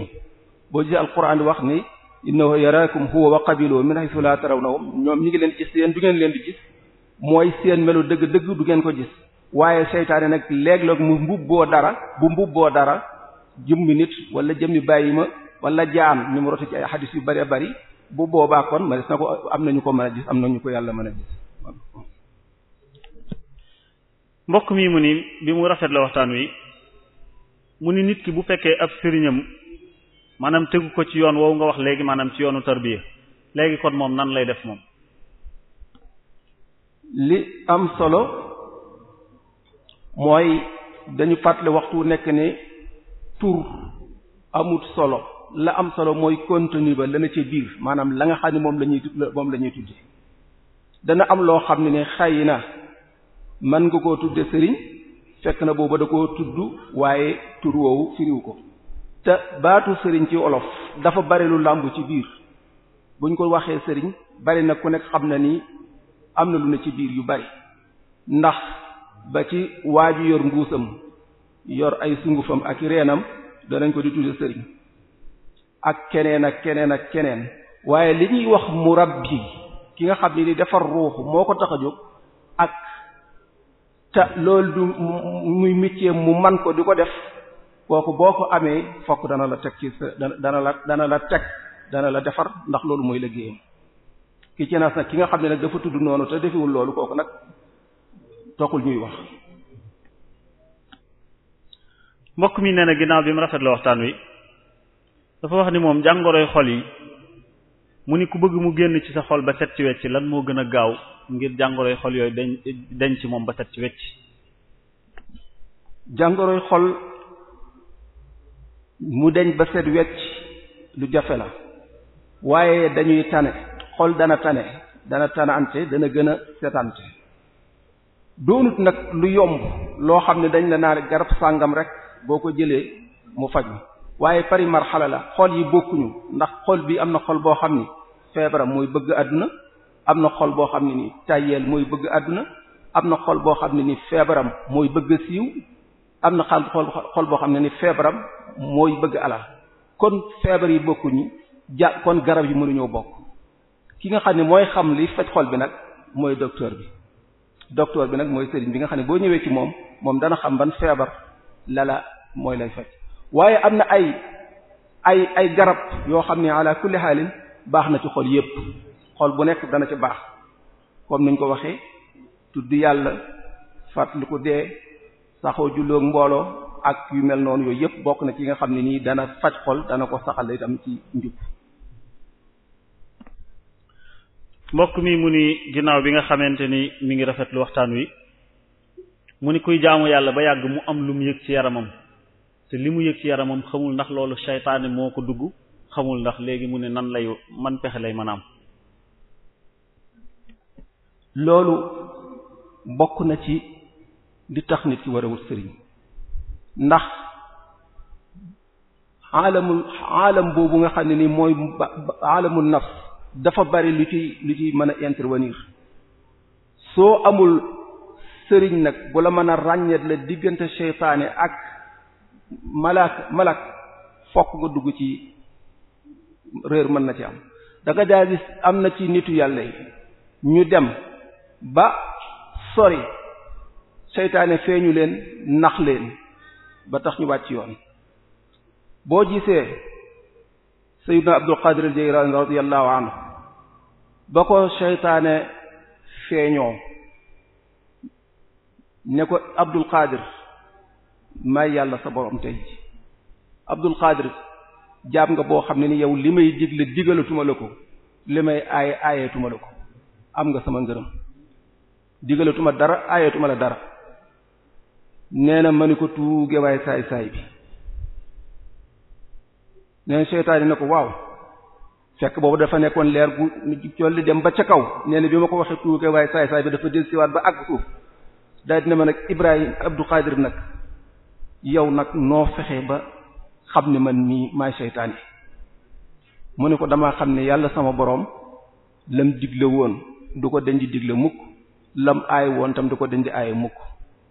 boo gisee alquran di wax ni innahu yaraakum huwa wa qabiluhu min haythu la tarawnahum ñoom ñu ngi leen gis yéen du ngeen leen di gis mooy seen melu dëgg-dëgg du ngeen ko gis waaye seytaane nag léeg mu mbubboo dara bu mbubboo dara jëmmi nit wala jëmmi bàyyi ma wala jaan ñu mu rotu ci ay xadis yu bari bari bu boobaa kon ma des na ko am nañu ko mën a gis am nañu ko yàlla mën a gis mbokk mi mu nii bi mu rafet la waxtaan wi mu ni nit ki bu fekkee ak sëriñam maanaam tegu ko ci yoon woowu nga wax léegi maanaam ci yoonu tarbiya léegi kon moom nan lay def moom li am solo mooy dañu fàttali waxtu nekk ne tur amut solo la am solo mooy contenu ba lana ci biir maanaam la nga xam ne moom la ñuy moom la ñuy tudde dana am loo xam ne ne xëy na mën nga ko tudde sëriñ fekk na booba da ko tudd waaye tur woowu firiw ko te baatu sëriñ ci olof dafa bari lu làmb ci biir buñ ko waxee sëriñ bari na ku nekk xam na ni am na lu ne ci biir yu bari ndax ba ci waa ji yor mbuusam yor ay sungufam ak reenam danañ ko di tudde sëriñ ak keneen ak keneen ak keneen waaye li ñuy wax murabbi ki nga xam ni di defar ruuxu moo ko tax a jóg ak te loolu du muy métier mu man ko di ko def kooku boo ko amee fokk dana la teg ci sa dana la dana la teg dana la defar ndax loolu mooy liggéeyam ki ci nag ki nga xam ne nag dafa tudd noonu te defewul loolu kooku nag taxul ñuy wax mbokk mi nee na ginnaaw bi mu rafet la waxtaan wi dafa wax ni moom jàngoroy xol yi mu ni ku bëgg mu génn ci sa xol ba set ci wecc lan moo gën a gaaw ngir jàngoroy xol yooyu dañ deñ ci moom ba set ci wecc jàngoroy xol mu deñ ba set wecc lu jafe la waaye dañuy tane xol dana tane dana tanante dana gën a setante doonut nag lu yomb loo xam ne dañ la naan garab sàngam rek boo ko jëlee mu faj waaye pari marxala la xol yi bokkuñu ndax xol bi am na xol boo xam ni feebaram mooy bëgg àdduna am na xol boo xam ne ni tàyyeel mooy bëgg àdduna am na xol boo xam ne ni feebaram mooy bëgg a siiw am na xal xol xol boo xam ne ni feebaram mooy bëgg alal kon feebar yi bokkuñu ja kon garab yi mënuñoo bokk ki nga xam ne mooy xam li faj xol bi nag mooy docteur bi docteur bi nag mooy sëriñ bi nga xam ne boo ñëwee ci moom moom dana xam ban feebar lala mooy lay faj waaye am na ay ay ay garab yoo xam ne ala kulli baax na ci xol yépp xol bu nekk dana ci baax comme niñ ko waxee tudd yàlla fàttali ko dee saxoo julloog mbooloo ak yu mel noonu yooyu yépp bokk na ci nga xam ne nii dana faj xol dana ko saxal itam ci njub mbokk mi mu ni ginnaaw bi nga xamante ni mi ngi rafetlu waxtaan wi mu ni kuy jaamu yàlla ba yàgg mu am lu mu yëg ci yaramam te li mu yëg ci yaramam xamul ndax loolu seytaane moo ko dugg xamul ndax léegi mu ne nan lay man pexe lay mën a am loolu bokk na ci di tax nit ki war sëriñ ndax aalamul aalam boobu nga xam ne nii mooy aalamul nafs dafa bari lu ci lu ci mën a intervenir soo amul sëriñ nag bu la mën a ràññeet la diggante seytaane ak malak malak fokk nga dugg ci réer mën na ci am da nga daa am na ci nitu yàlla yi ñu dem ba sori seytaane feeñu leen nax leen ba tax ñu wàcc yoon boo gisee sayyidna abdul qadir al jayraani radiyallahu anhu ba ko seytaane feeñoo ne ko abdul qadir may yàlla sa borom tey ji abdul qadir jaam nga boo xam ne ni yow li may digle digalatuma la ko li may aaye aayeetuma la ko am nga sama ngërëm digalatuma dara aayeetuma la dara nee na ma ni ko tuuge waay saay saay bi nee seytaane na ko waaw fekk boobu dafa nekkoon leer gu colli dem ba ca kaw nee na bi ma ko waxee tuuke waaye saay saay bi dafa del siwaat ba àgg suuf daal dina ma nag Ibrahim Abdou Khadir nag yow nag noo fexe ba xam ne man mii maay seytaane mu ne ko dama xam ne yàlla sama boroom lam digle woon du ko dendi digle mukk lam aay woon tam du ko dendi aay mukk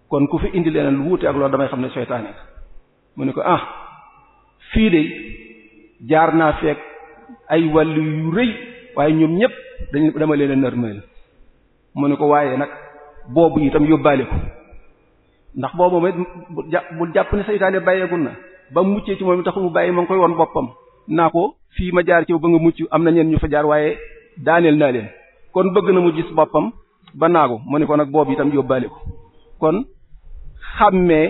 kon ku fi indi leneen lu ak loolu damay xam ne seytaane mu ne ko ah fii de jaar naa feek ay wàllu yu rëy waaye ñoom ñëpp dañ dama leen a nërmeel mu ne ko waaye nag boobu itam yóbbaale ko ndax boobu moom it bu jàpp ne seytaane bàyyeegul na ba mu muccee ci moom taxul mu bàyyi ma ngi koy woon boppam naa ko fii ma jaar ci ba nga mucc am na ñeen ñu fa jaar waaye daaneel naa leen kon bëgg na mu gis boppam ba naagu mu ne ko nag boobu itam yóbbaale ko kon xàmmee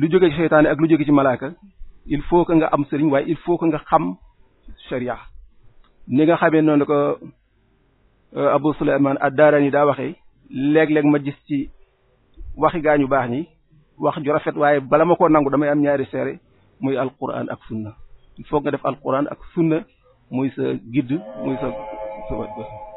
lu jóge ci seytaane ak lu jóge ci malaaka il faut que nga am sëriñ waaye il faut que nga xam sharia ni nga xamee noonu ko euh, Abu Sulaiman ad-Darani daa waxee léeg-léeg ma gis ci waxi ñu baax ñi wax ju rafet waaye bala ma ko nangu damay am ñaari seere muy alquran ak sunna il faut nga def alquran ak sunna muy sa gidd muy sa